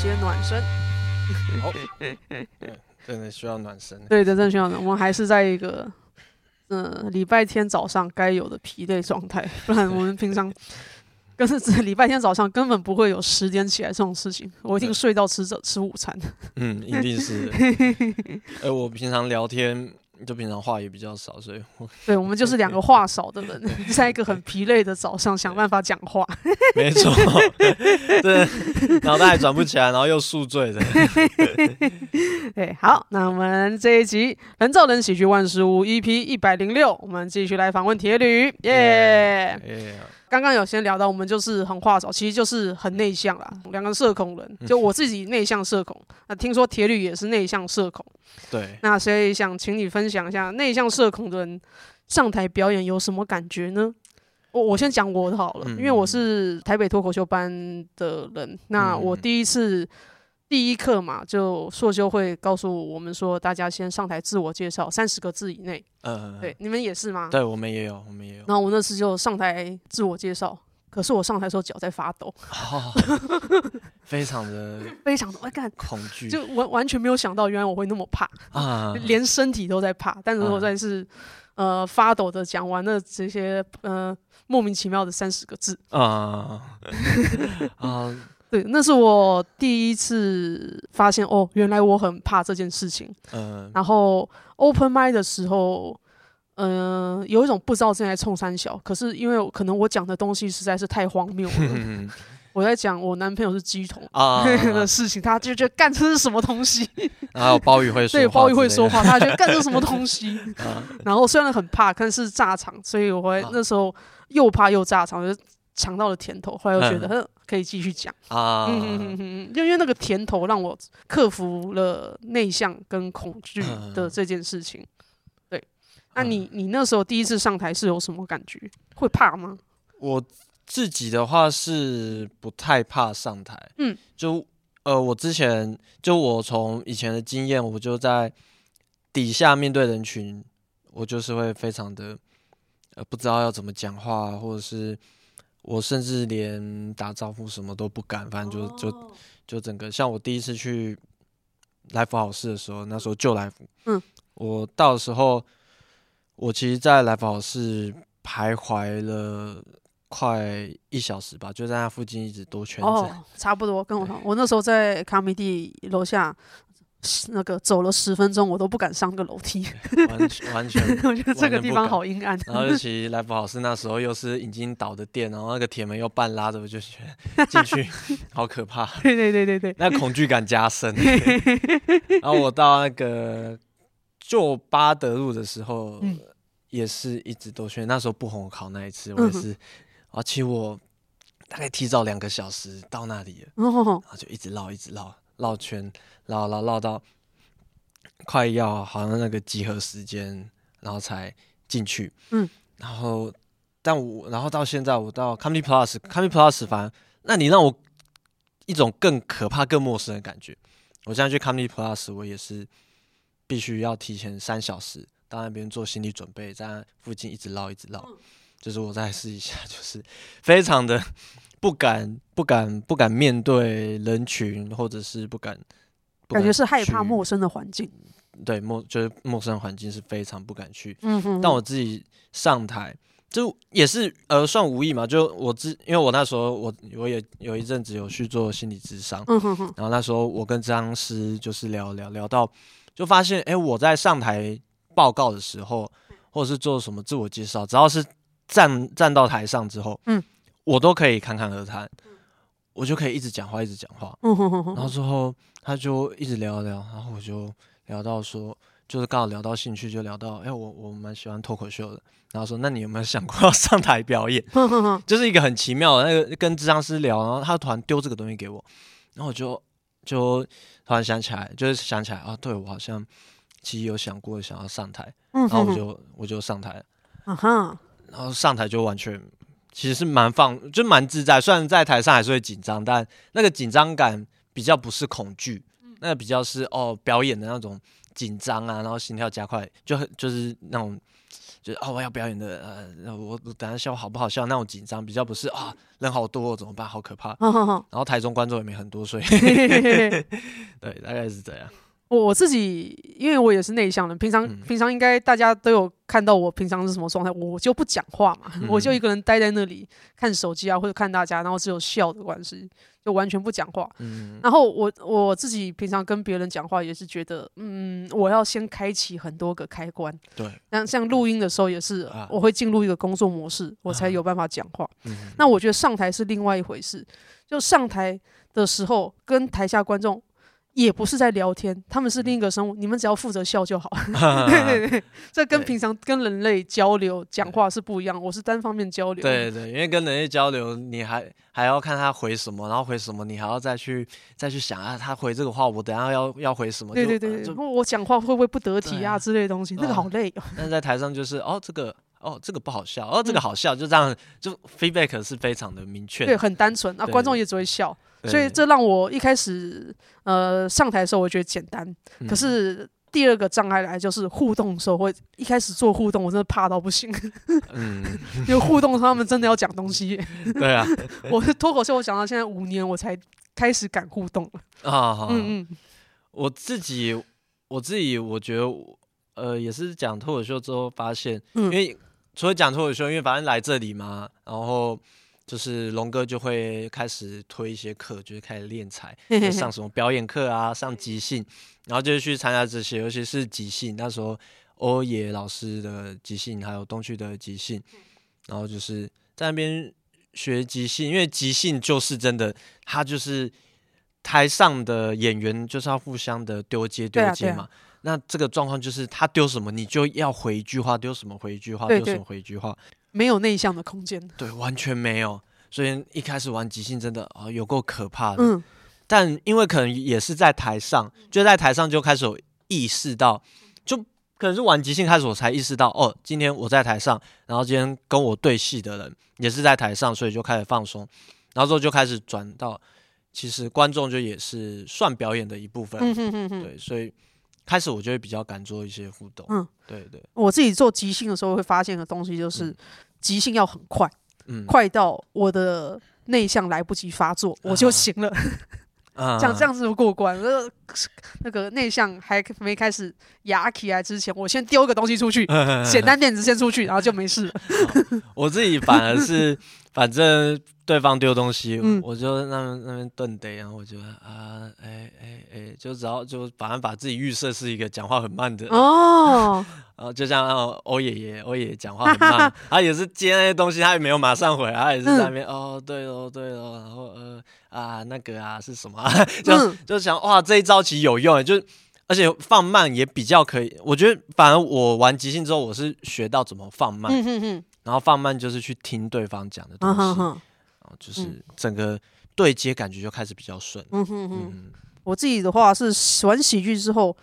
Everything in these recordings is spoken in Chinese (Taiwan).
先暖身，真的需要暖身。對，真的需要暖。我們還是在一個，嗯、呃，禮拜天早上該有的疲憊狀態，不然我們平常，對 跟在禮拜天早上根本不會有十點起來這種事情。我一定睡到吃早吃午餐。對 嗯，一定是。哎，我平常聊天。就平常話也比較少，所以我對，我們就是兩個話少的人， 在一個很疲累的早上想辦法講話，沒錯錯， 對，腦 袋還轉不起來，然後又宿醉的。對， 對，好，那我們這一集《人造人喜劇萬事屋》EP 一百零六，我們繼續來訪問鐵鋁，耶、yeah!。Yeah, yeah. 剛剛有先聊到，我們就是很話少，其實就是很內向啦，兩個社恐人。就我自己內向社恐，那、 啊、聽說鐵鋁也是內向社恐。對，那所以想請你分享一下內向社恐的人上台表演有什麼感覺呢？我我先講我的好了，嗯、因為我是台北脫口秀班的人，那我第一次。第一課嘛，就碩修會告訴我們說，大家先上台自我介紹，三十個字以內。呃、對，你們也是嗎？對我們也有，我們也有。然後我那次就上台自我介紹，可是我上台的時候腳在發抖，哦、 非常的，非常的，我感恐懼，就完完全沒有想到，原來我會那麼怕，嗯、連身體都在怕。但是，我算是，嗯、呃，發抖的講完了這些，呃，莫名其妙的三十個字啊。嗯嗯 對，那是我第一次發現哦，原來我很怕這件事情。嗯、呃，然後 open mic 的時候，嗯、呃，有一種不知道正在衝三小，可是因為可能我講的東西實在是太荒謬了，嗯、我在講我男朋友是雞桶啊 的事情，他就覺得幹這是什麼東西。然後鮑魚會說話，對，鮑魚會說話，他就覺得幹這是什麼東西。啊、然後雖然很怕，但是炸場，所以我會、啊、那時候又怕又炸場，就。嘗到了甜頭，後來又覺得、嗯、可以繼續講啊，嗯嗯嗯嗯，就因為那個甜頭讓我克服了內向跟恐懼的這件事情。嗯、對，那你、嗯、你那時候第一次上台是有什麼感覺？會怕嗎？我自己的話是不太怕上台，嗯就，就呃，我之前就我從以前的經驗，我就在底下面對人群，我就是會非常的呃不知道要怎麼講話，或者是。我甚至連打招呼什麼都不敢，反正就就就整個像我第一次去來福好事的時候，那時候就來福，嗯，我到的時候我其實在來福好事徘徊了快一小時吧，就在那附近一直兜圈子，哦，差不多跟我同，對我那時候在卡米地樓下。那個走了十分鐘，我都不敢上個樓梯。完完全，完全 我覺得這個地方好陰暗。然後尤其來福好事那時候，又是已經倒的電，然後那個鐵門又半拉着，我就覺得進去 好可怕。對對對對對，那恐懼感加深。 然後我到那個舊八德路的時候，嗯、也是一直都炫。那時候不鬨我考那一次，我也是，而且、嗯哼啊、我大概提早兩個小時到那裡，嗯、哼然後就一直繞，一直繞。繞圈，繞繞繞到快要好像那個集合時間，然後才進去。嗯，然後但我然後到現在我到 Comedy Plus Comedy Plus 反而那你讓我一種更可怕、更陌生的感覺。我現在去 Comedy Plus，我也是必須要提前三小時到那邊做心理準備，在附近一直繞一直繞。就是我再試一下，就是非常的。不敢，不敢，不敢面對人群，或者是不敢，不敢感覺是害怕陌生的環境。對，陌就是陌生的環境是非常不敢去。嗯、哼哼，但我自己上台，就也是呃算無意嘛。就我自，因為我那時候我我也有一陣子有去做心理諮商。嗯、哼哼，然後那時候我跟諮商師就是聊聊聊到，就發現哎、欸，我在上台報告的時候，或者是做什麼自我介紹，只要是站站到台上之後，嗯我都可以侃侃而談，我就可以一直講話，一直講話。然後之後他就一直聊一聊，然後我就聊到說，就是剛好聊到興趣，就聊到哎、欸，我我蠻喜歡脫口秀的。然後說，那你有沒有想過要上台表演？ 就是一個很奇妙的那個，跟智商師聊，然後他突然丟這個東西給我，然後我就就突然想起來，就是想起來啊，對我好像其實有想過想要上台。然後我就 我就上台，然後上台就完全。其實是蠻放，就蠻自在。雖然在台上還是會緊張，但那個緊張感比較不是恐懼，那個、比較是哦表演的那種緊張啊，然後心跳加快，就很就是那種就是哦我要表演的呃，我等下笑好不好笑那種緊張，比較不是啊、哦、人好多、哦、怎麼辦，好可怕。好好好然後台中觀眾也沒很多，所以 對，大概是這樣。我我自己，因為我也是內向人，平常平常應該大家都有看到我平常是什麼狀態，嗯、我就不講話嘛，嗯、我就一個人待在那裡看手機啊，或者看大家，然後只有笑的關係，就完全不講話。嗯、然後我我自己平常跟別人講話也是覺得，嗯，我要先開啟很多個開關。對。然後像錄音的時候也是，我會進入一個工作模式，啊、我才有辦法講話。嗯、那我覺得上台是另外一回事，就上台的時候跟台下觀眾。也不是在聊天，他們是另一個生物，你們只要負責笑就好。 對對對，這跟平常跟人類交流講對話是不一樣，對我是單方面交流。對，對對，因為跟人類交流，你還還要看他回什麼，然後回什麼，你還要再去再去想啊，他回這個話，我等下要要回什麼？對對對，就我講話會不會不得體啊對之類的東西，那個好累，喔嗯。但在台上就是，哦這個，哦這個不好笑，哦這個好笑，嗯、就這樣，就 feedback 是非常的明確。對，很單純，那對、啊、觀眾也只會笑。對所以這讓我一開始呃上台的時候，我覺得簡單。嗯、可是第二個障礙來就是互動的時候會，會一開始做互動，我真的怕到不行。因為互動他們真的要講東西。對啊， 我是脫 口秀，我講到現在五年，我才開始敢互動了。啊，好好嗯，我自己，我自己，我覺得，呃，也是講脫口秀之後發現，嗯、因為除了講脫口秀，因為反正來這裡嘛，然後。就是龍哥就會開始推一些課，就是開始練才，上什麼表演課啊， 上即興，然後就去參加這些，尤其是即興。那時候歐野老師的即興，還有東旭的即興，然後就是在那邊學即興，因為即興就是真的，他就是台上的演員就是要互相的丟接丟接嘛。對啊對啊，那這個狀況就是他丟什麼，你就要回一句話；丟什麼回一句話；丟什麼回一句話。對對對沒有內向的空間，對，完全沒有。所以一開始玩即興真的啊，哦，有夠可怕的。嗯，但因為可能也是在台上，就在台上就開始有意識到，就可能是玩即興開始，我才意識到哦，今天我在台上，然後今天跟我對戲的人也是在台上，所以就開始放鬆，然後之後就開始轉到，其實觀眾就也是算表演的一部分。嗯哼哼哼。對，所以。開始我就會比較敢做一些互動，嗯，對對，我自己做即興的時候會發現的東西，就是、嗯、即興要很快，嗯，快到我的內向來不及發作，嗯、我就行了。啊 這樣、嗯、這樣子就過關，呃、那個內向還沒開始牙起來之前，我先丟個東西出去，嗯嗯嗯嗯、簡單點子先出去，然後就沒事了。好 我自己反而是，反正對方丟東西，嗯、我就那那邊頓逮，然後我就啊，哎哎哎，就只要就反正把自己預設是一個講話很慢的哦，然後、呃、就像歐爺爺，歐爺爺講話很慢，哈哈哈哈，他也是接那些東西，他也沒有馬上回來，他也是在那邊、嗯、哦，對哦，對哦，然後呃。啊，那個啊是什麼？啊？就就想，哇，這一招其實有用，就是而且放慢也比較可以。我覺得，反而我玩即興之後，我是學到怎麼放慢，嗯、哼哼然後放慢就是去聽對方講的東西，啊、哈哈然後就是整個對接感覺就開始比較順。嗯、哼哼嗯我自己的話是玩喜劇之後。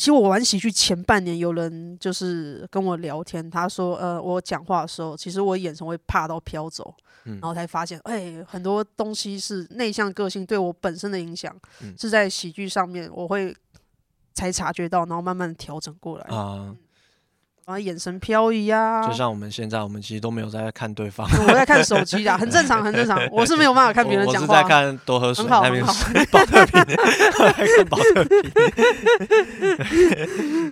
其實我玩喜劇前半年，有人就是跟我聊天，他說：“呃，我講話的時候，其實我眼神會怕到飄走，嗯、然後才發現，哎、欸，很多東西是內向個性對我本身的影響，嗯、是在喜劇上面，我會才察覺到，然後慢慢調整過來。”啊眼神飄移啊！就像我們現在，我們其實都沒有在看對方。我在看手機啊，很正常，很正常。我是沒有辦法看別人講話。我是在看多喝水，很好，那邊有水，寶特瓶，看寶特瓶。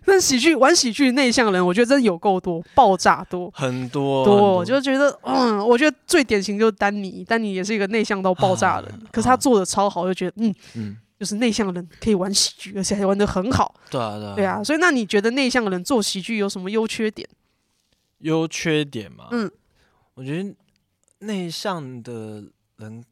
那喜劇玩喜劇，內向的人我覺得真的有夠多，爆炸多很多多。我就覺得，嗯，我覺得最典型就是丹尼，丹尼也是一個內向到爆炸的人，可是他做的超好，就覺得嗯嗯。就是內向的人可以玩喜劇，而且還玩得很好。對啊，對啊，對啊。所以，那你覺得內向的人做喜劇有什麼優缺點？優缺點嗎？嗯，我覺得內向的人。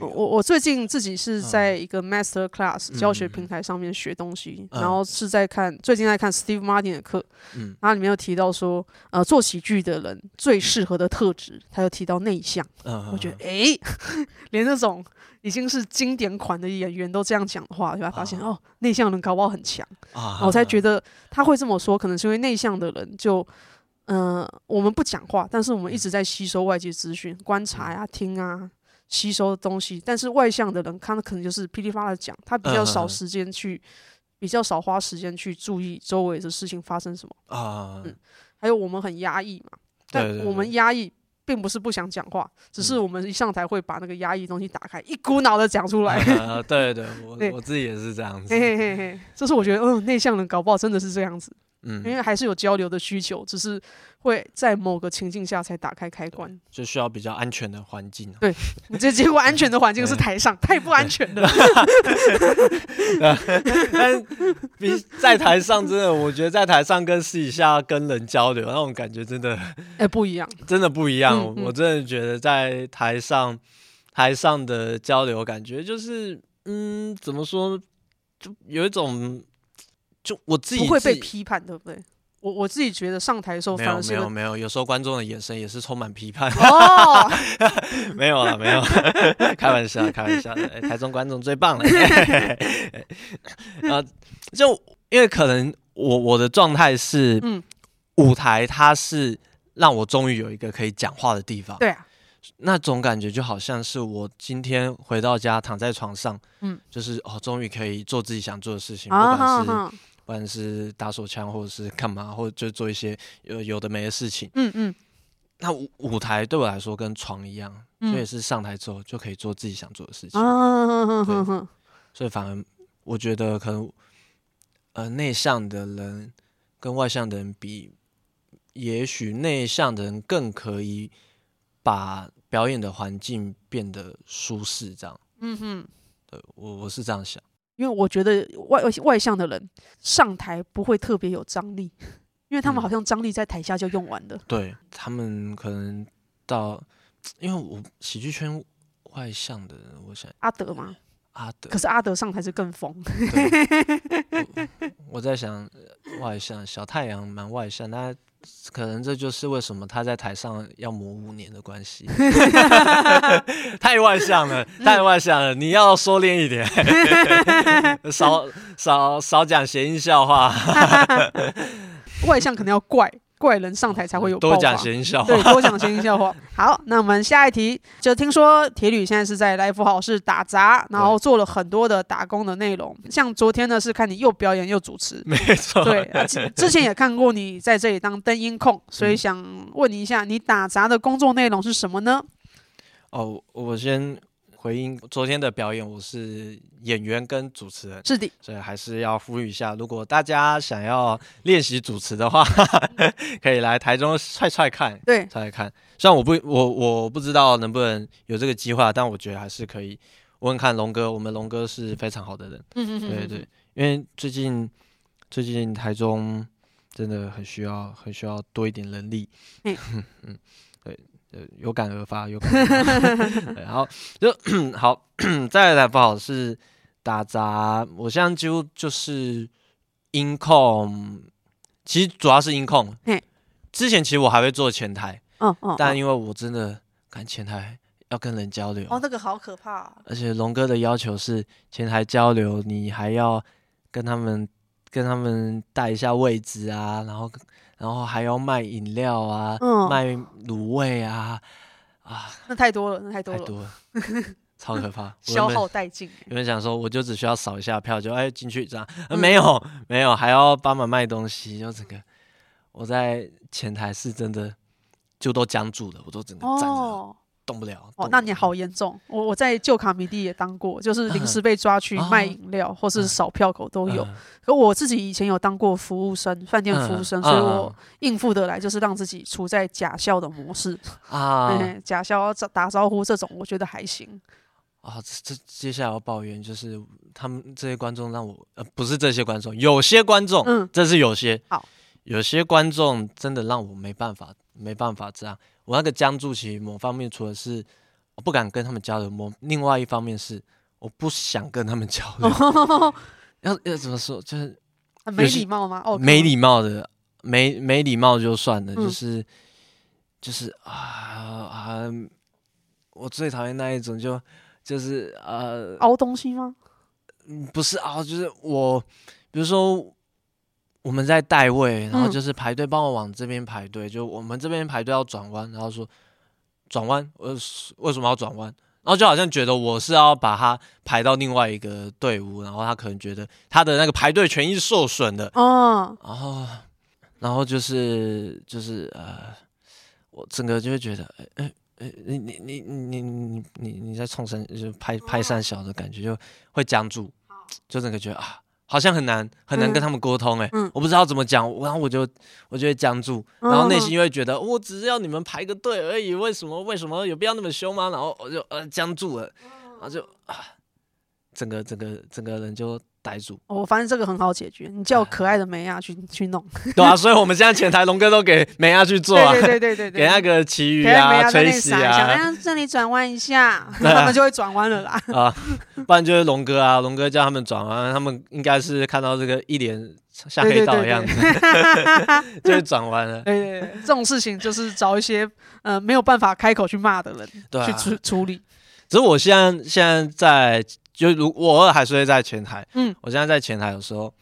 啊、我我最近自己是在一個 master class 教學平台上面學東西，嗯嗯、然後是在看最近在看 Steve Martin 的課，嗯、然後裡面有提到說，呃，做喜劇的人最適合的特質，他又提到內向，嗯、哼哼我覺得誒，連那種已經是經典款的演員都這樣講的話，就發現、嗯、哼哼哦，內向人搞不好很強、嗯、哼哼我才覺得他會這麼說，可能是因為內向的人就，嗯、呃，我們不講話，但是我們一直在吸收外界資訊，觀察呀、啊，嗯、聽啊。吸收的東西，但是外向的人，他可能就是噼里啪啦講，他比較少時間去，呃、比較少花時間去注意周圍的事情發生什麼、呃、嗯，還有我們很壓抑嘛，但我們壓抑並不是不想講話，對對對，只是我們一上台會把那個壓抑的東西打開，嗯、一股腦的講出來。呃、對，對對，我對我自己也是這樣子。嘿嘿嘿，就是我覺得，哦、呃，內向人搞不好真的是這樣子。嗯，因為還是有交流的需求，只是會在某個情境下才打開開關，就需要比較安全的環境、啊。 對，你這結果安全的環境是台上，欸、太不安全了。欸、 但你在台上真的，我覺得在台上跟私底下跟人交流那種感覺真的，哎、欸，不一樣，真的不一樣。嗯嗯、我真的覺得在台上台上的交流感覺就是，嗯，怎麼說，就有一種。就我自己不會被批判，對不對？我我自己覺得上台的時候沒有沒有沒有，有時候觀眾的眼神也是充滿批判、哦、 沒有了、啊、沒有，開玩笑開玩笑，哎、台中觀眾最棒了。然後就因為可能我我的狀態是，舞台它是讓我終於有一個可以講話的地方，對啊，那種感覺就好像是我今天回到家躺在床上，就是哦，終於可以做自己想做的事情，不管是。不管是打手槍，或者是幹嘛，或者就做一些有有的沒的事情。嗯嗯。嗯，那舞舞台對我來說跟床一樣，嗯、所以是上台之後就可以做自己想做的事情。嗯嗯。對嗯，所以反而我覺得可能呃，內向的人跟外向的人比，也許內向的人更可以把表演的環境變得舒適，這樣。嗯嗯哼。對我我是這樣想。因為我覺得外外向的人上台不會特別有張力，因為他們好像張力在台下就用完了。嗯，對他們可能到，因為我喜劇圈外向的人，我想阿德嘛，阿德，可是阿德上台是更瘋。我在想外向小太陽蠻外向，那。可能這就是為什麼他在台上要磨五年的關係， 太外向了，太外向了，你要收斂一點， 少少少講諧音笑話， 外向可能要怪，怪人上台才會有多講閒笑話，對，多講閒笑話。 好，那我們下一題就聽說鐵鋁現在是在來福好事打雜，然後做了很多的打工的內容。對像昨天呢，是看你又表演又主持，沒錯，對、啊。之前也看過你在這裡當燈音控， 所以想問你一下，你打雜的工作內容是什麼呢？哦，我先。回應昨天的表演，我是演員跟主持人，是的，所以還是要呼籲一下，如果大家想要練習主持的話， 可以來台中踹踹看，對，踹踹看。雖然我不，我我不知道能不能有這個計劃，但我覺得還是可以，問看龍哥，我們龍哥是非常好的人，嗯、哼哼對，對對，因為最近最近台中真的很需要，很需要多一點能力。嗯 呃，有感而發，有感而發。 然後就 好， 再來，來福好事打雜。我現在幾乎就是音控，com, 其實主要是音控。Com, 嘿之前其實我還會做前台，哦哦，但因為我真的看前台要跟人交流，哦，這個好可怕哦。而且龍哥的要求是前台交流，你還要跟他們跟他們帶一下位置啊，然後。然後還要賣飲料啊，嗯、賣滷味啊，啊，那太多了，那太多了，太多了，超可怕， 有有消耗殆盡。有人想說，我就只需要掃一下票就哎進、欸去這樣啊，沒有，嗯，沒有，還要幫忙賣東西，就整個。我在前台是真的就都僵住了，我都只能站着。哦動不了哦，那你好嚴重。我我在舊卡米地也當過，就是臨時被抓去賣飲料，或是掃票口都有。可我自己以前有當過服務生，飯店服務生，嗯啊、所以我應付得來，就是讓自己處在假笑的模式啊、嗯。假笑打打招呼這種，我覺得還行啊。這接下來要抱怨就是他們這些觀眾讓我，呃，不是這些觀眾，有些觀眾，嗯，這是有些好，有些觀眾真的讓我沒辦法，沒辦法這樣。我那個僵住，其實某方面除了是我不敢跟他們交流，某另外一方面是我不想跟他們交流。 要要怎麼說？就是沒禮貌嗎？沒禮貌的，沒沒禮貌就算了，就是、嗯、就是啊啊！我最討厭那一種，就就是呃，啊，凹東西嗎？嗯，不是凹，就是我，比如說。我們在帶位，然後就是排隊，幫我往這邊排隊。嗯、就我們這邊排隊要轉彎，然後說轉彎，呃，為什麼要轉彎？然後就好像覺得我是要把他排到另外一個隊伍，然後他可能覺得他的那個排隊權益受損的。哦，然後，然後就是就是呃，我整個就會覺得，哎哎，你你你你你你你你在沖繩就拍拍三小的感覺就會僵住，就整個覺得啊。好像很難很難跟他們溝通哎、欸，嗯嗯、我不知道怎麼講，然後我就我就會僵住，然後內心又會覺得、嗯、我只是要你們排個隊而已，為什麼為什麼有必要那麼凶嗎？然後我就呃僵住了，然後就，呃。整個整個整個人就呆住、哦。我發現這個很好解決，你叫可愛的梅亞去、啊、去弄。對啊，所以我們現在前台龍哥都給梅亞去做、啊、對，對，對對對對對，給那個奇遇啊、吹喜啊，想讓這裡轉彎一下，啊、他們就會轉彎了啦。啊，不然就是龍哥啊，龍哥叫他們轉彎，他們應該是看到這個一臉像黑道的樣子，就會轉彎了。對，對，對，這種事情就是找一些呃沒有辦法開口去罵的人對、啊、去處處理。只是我現在現在在。就如我偶爾還是會，在前台。嗯，我現在在前台的時候，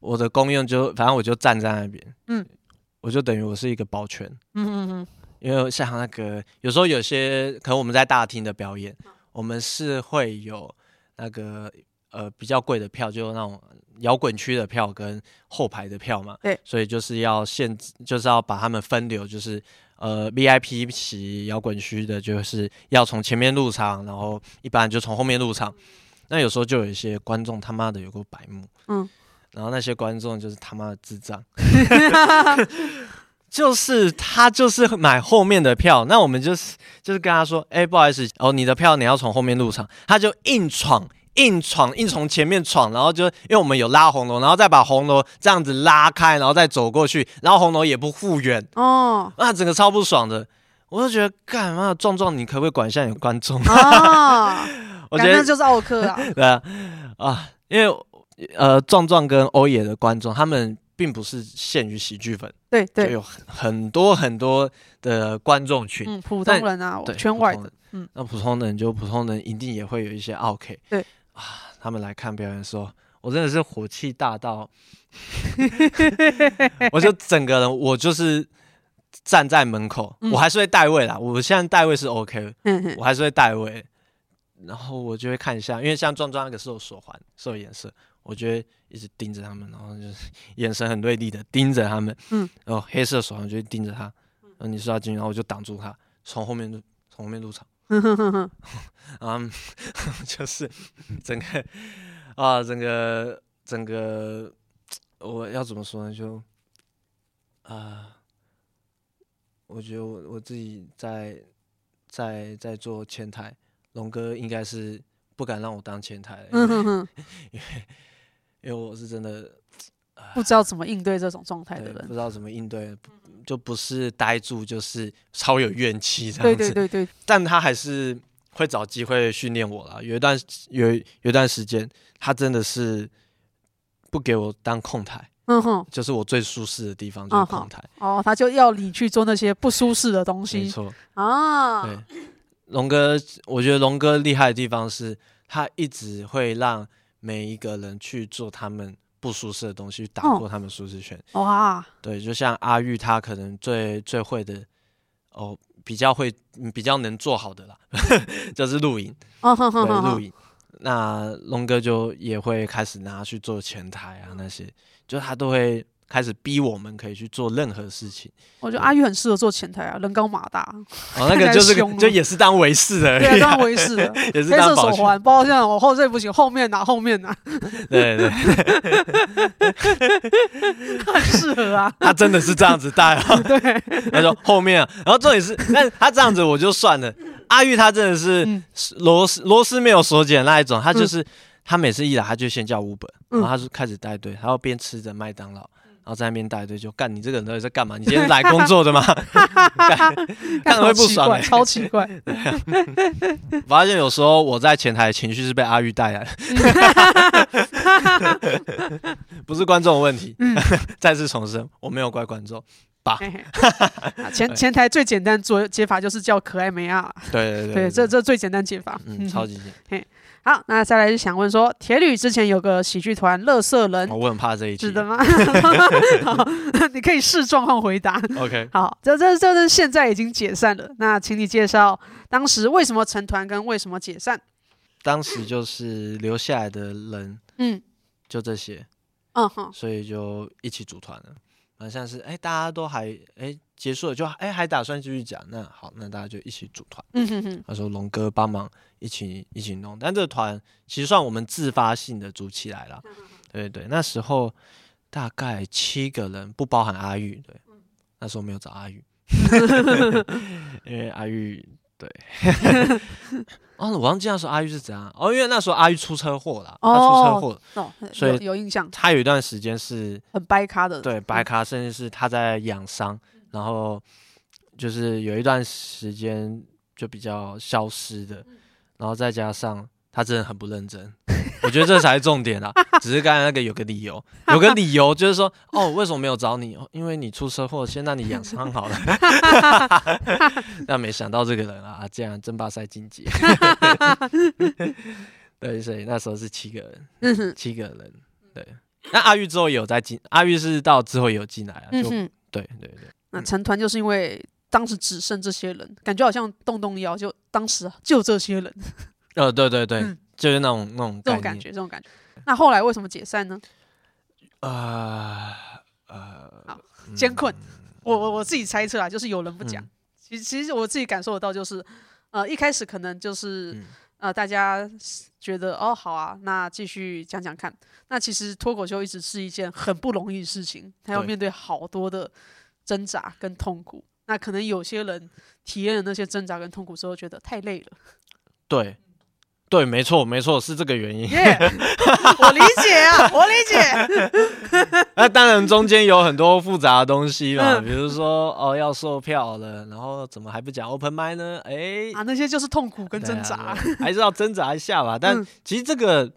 我的功用就，反正我就站在那邊。嗯，我就等於我是一個保全。嗯嗯嗯。因為像那個，有時候有些，可能我們在大廳的表演，嗯、我們是會有那個呃比較貴的票，就那種搖滾區的票跟後排的票嘛。對、嗯。所以就是要限制，就是要把他們分流，就是呃 VIP 席搖滾區的，就是要從前面入場，然後一般就從後面入場。嗯那有時候就有一些觀眾他媽的有個白目，嗯，然後那些觀眾就是他媽的智障， 就是他就是買後面的票，那我們就是就是跟他說，哎、欸，不好意思，哦，你的票你要從後面入場，他就硬闖，硬闖，硬從前面闖，然後就因為我們有拉紅龍，然後再把紅龍這樣子拉開，然後再走過去，然後紅龍也不復原，哦，那整個超不爽的，我就覺得幹嘛壯壯，你可不可以管一下你的觀眾？哦 我覺得就是奧客啊，對啊，啊，因為呃，壯壯跟歐野的觀眾，他們並不是限於喜劇粉，對對，有很多很多的觀眾群，嗯，普通人啊，圈外的，嗯，那普通人就普通人一定也會有一些奧客，對啊，他們來看表演的時候，我真的是火氣大到，我就整個人我就是站在門口，我還是會帶位啦，我現在帶位是 OK，嗯嗯，我還是會帶位。然後我就會看一下，因為像壯壯那個是有手環，是有顏色，我就會一直盯着他們，然後就是眼神很銳利的盯着他們，嗯，然後黑色手環就會盯着他，嗯，然後你刷他進去，然後我就擋住他，從後面從後面入場，然 um, 就是整個啊，整個整個我要怎麼說呢？就啊、呃，我覺得我我自己在在在做前台。龍哥應該是不敢讓我當前台，因為，嗯哼哼因為因為我是真的不知道怎麼應對這種狀態的人，對，不知道怎麼應對，就不是呆住，就是超有怨氣這樣子。對對對對。但他還是會找機會訓練我啦。有一段有有一段時間，他真的是不給我當控台，嗯哼，就是我最舒適的地方就是控台。嗯、哦，他就要你去做那些不舒適的東西，沒錯啊。龍哥，我覺得龍哥厲害的地方是，他一直會讓每一個人去做他們不舒適的東西，打破他們舒適圈。哇、哦，哦啊、對，就像阿玉，他可能最最會的哦，比較會比較能做好的啦，呵呵就是露營哦呵呵呵，對，露營，那龍哥就也會開始拿去做前台啊，那些，就他都會。開始逼我們可以去做任何事情。我覺得阿玉很適合做前台啊，人高馬大，哦，那個就是就也是當衛士的，是當衛士的，也是當手環。包括現在我後背不行，後面拿，後面拿，對對，太適合啊！他真的是這樣子戴啊，對，他說後面啊，然後重點是，但他這樣子我就算了。阿玉他真的是螺絲螺絲沒有鎖緊那一種，他就是他每次一來他就先叫 Uber，然後他就開始帶隊，然後邊吃着麥當勞。然後在那邊帶隊就幹，你這個人到底在幹嘛？你今天來工作的嗎？ 幹了會不爽，超奇怪。我發現有時候我在前台的情緒是被阿玉帶來的， 不是觀眾的問題。 再次重申，我沒有怪觀眾。吧 前，前前臺最簡單解解法，就是叫可愛美亞，對對對，對，對， 對，對這這最簡單解法，嗯，超級簡單、嗯、好，那再來就想問說，鐵鋁之前有個喜劇團，樂色人，我很怕這一集是的得嗎？ 好 你可以視狀況回答。OK，好，這這這是現在已經解散了，那請你介紹當時為什麼成團跟為什麼解散？當時就是留下來的人，嗯， 就這些，嗯哼，所以就一起組團了。好像是哎、欸，大家都還哎、欸、結束了，就哎、欸、還打算繼續講。那好，那大家就一起組團。嗯、哼哼，他說龍哥幫忙一起一起弄，但這個團其實算我們自發性的組起來了。嗯、哼哼對，對對，那時候大概七個人，不包含阿玉。對，嗯、那時候沒有找阿玉， 因為阿玉對。 啊，我忘記那時候阿玉是怎樣。哦，因為那時候阿玉出車禍了，哦、他出車禍了，哦、所以有印象。他有一段時間是很掰咖的，對，掰咖，甚至是他在養傷，嗯、然後就是有一段時間就比較消失的，嗯、然後再加上他真的很不認真。我覺得這才是重點啊！只是剛才那個有個理由，有個理由就是說，哦，為什麼沒有找你？因為你出車禍，先讓你養傷好了。那沒想到這個人啊，竟然爭霸賽晉級。對，所以那時候是七個人，七個人。對，那阿玉之後有再進，阿玉是到之後有進來啊。嗯對對對。那成團就是因為當時只剩這些人，感覺好像動動腰，就當時就這些人。呃，對對對。就是那種那種這種感覺，這種感覺。那後來為什麼解散呢？呃呃，呃好，艱困。嗯、我我我自己猜測啊，就是有人不講。其實、嗯、其實我自己感受得到，就是呃一開始可能就是呃大家覺得哦好啊，那繼續講講看。那其實脫口秀一直是一件很不容易的事情，他要面對好多的掙扎跟痛苦。對那可能有些人體驗了那些掙扎跟痛苦之後，覺得太累了。對。對，沒錯，沒錯，是這個原因。Yeah, 我理解啊， 我理解。那 啊、當然，中間有很多複雜的東西嘛，嗯、比如說哦，要售票了，然後怎麼還不講 open mic 呢？哎、欸，啊，那些就是痛苦跟掙扎、啊，還是要掙扎一下吧。嗯、但其實這個，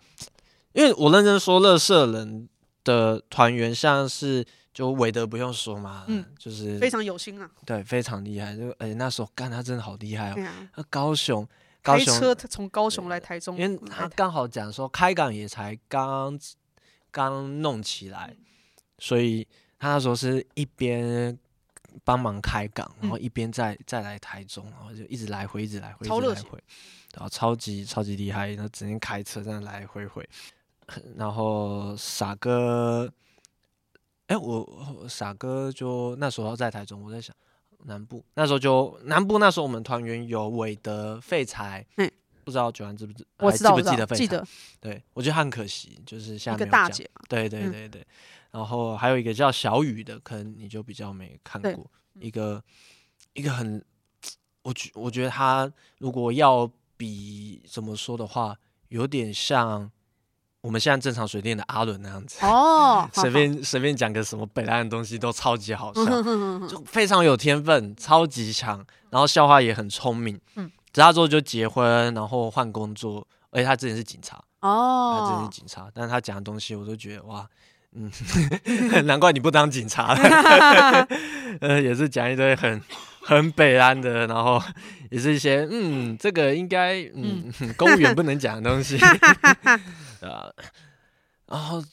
因為我認真說，樂色人的團員，像是就韋德不用說嘛，嗯嗯、就是非常有心啊，對，非常厲害。就哎、欸，那時候幹他真的好厲害哦。那、嗯啊、高雄。開車他從高雄來台中，因為他剛好講說開港也才剛剛弄起來，所以他那時候是一邊幫忙開港，然後一邊再、嗯、再來台中，然後就一直來回，一直來回，超一直來回，然後超級超級厲害，然後直接開車這樣來回回，然後傻哥，哎、欸、我傻哥就那時候在台中，我在想。南部那時候就南部那時候我們團員有韋德廢柴，嗯，不知道九安知不知？我知道，還記不記得廢柴？對，我覺得很可惜，就是下面有一個大姐，對對對對，嗯，然後還有一個叫小雨的，可能你就比較沒看過，嗯，一個一個很，我覺我覺得他如果要比怎麼說的話，有點像。我們現在正常水電的阿倫那樣子哦，隨便隨便講個什麼北安的東西都超級好笑，嗯、哼哼哼，就非常有天分，超級強，然後笑話也很聰明。嗯，直到之後就結婚，然後換工作，而且他之前是警察哦，他之前是警察，但是他講的東西我都覺得哇，嗯， 難怪你不當警察了， 呃，也是講一堆很很北安的，然後。也是一些，嗯，這個應該，嗯，嗯公務員不能講的東西，嗯。 啊，然後，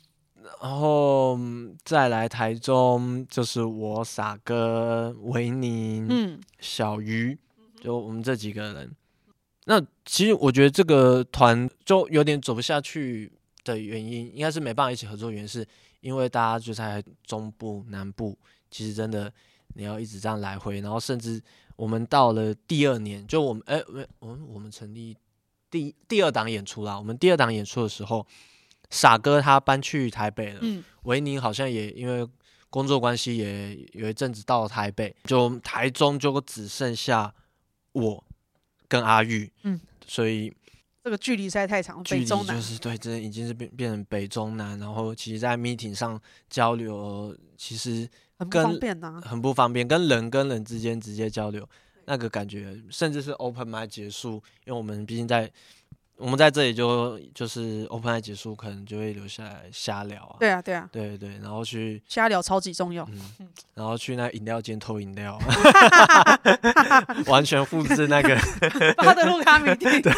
然後、嗯、再來台中，就是我傻哥維尼，嗯、小魚，就我們這幾個人。嗯、哼那其實我覺得這個團就有點走不下去的原因，應該是沒辦法一起合作，原因是因為大家就在中部南部，其實真的。你要一直這樣來回，然後甚至我們到了第二年，就我們哎、欸，我們我們成立第第二檔演出啦。我們第二檔演出的時候，傻哥他搬去台北了，維尼、嗯、好像也因為工作關係也有一陣子到了台北，就台中就只剩下我跟阿玉，嗯，所以、就是、這個距離實在太長，距離就是，對，這已經是變變成北中南。然後其實，在 meeting 上交流，其實。跟很不方便啊，很不方便，跟人跟人之間直接交流，那個感覺，甚至是 open mic 結束，因為我們畢竟在，我們在這裡就就是 open mic 結束，可能就會留下來瞎聊啊。對啊，對啊，對啊，對對，然後去瞎聊超級重要。嗯，然後去那飲料間偷飲料，完全複製那個 巴德魯卡米蒂。對，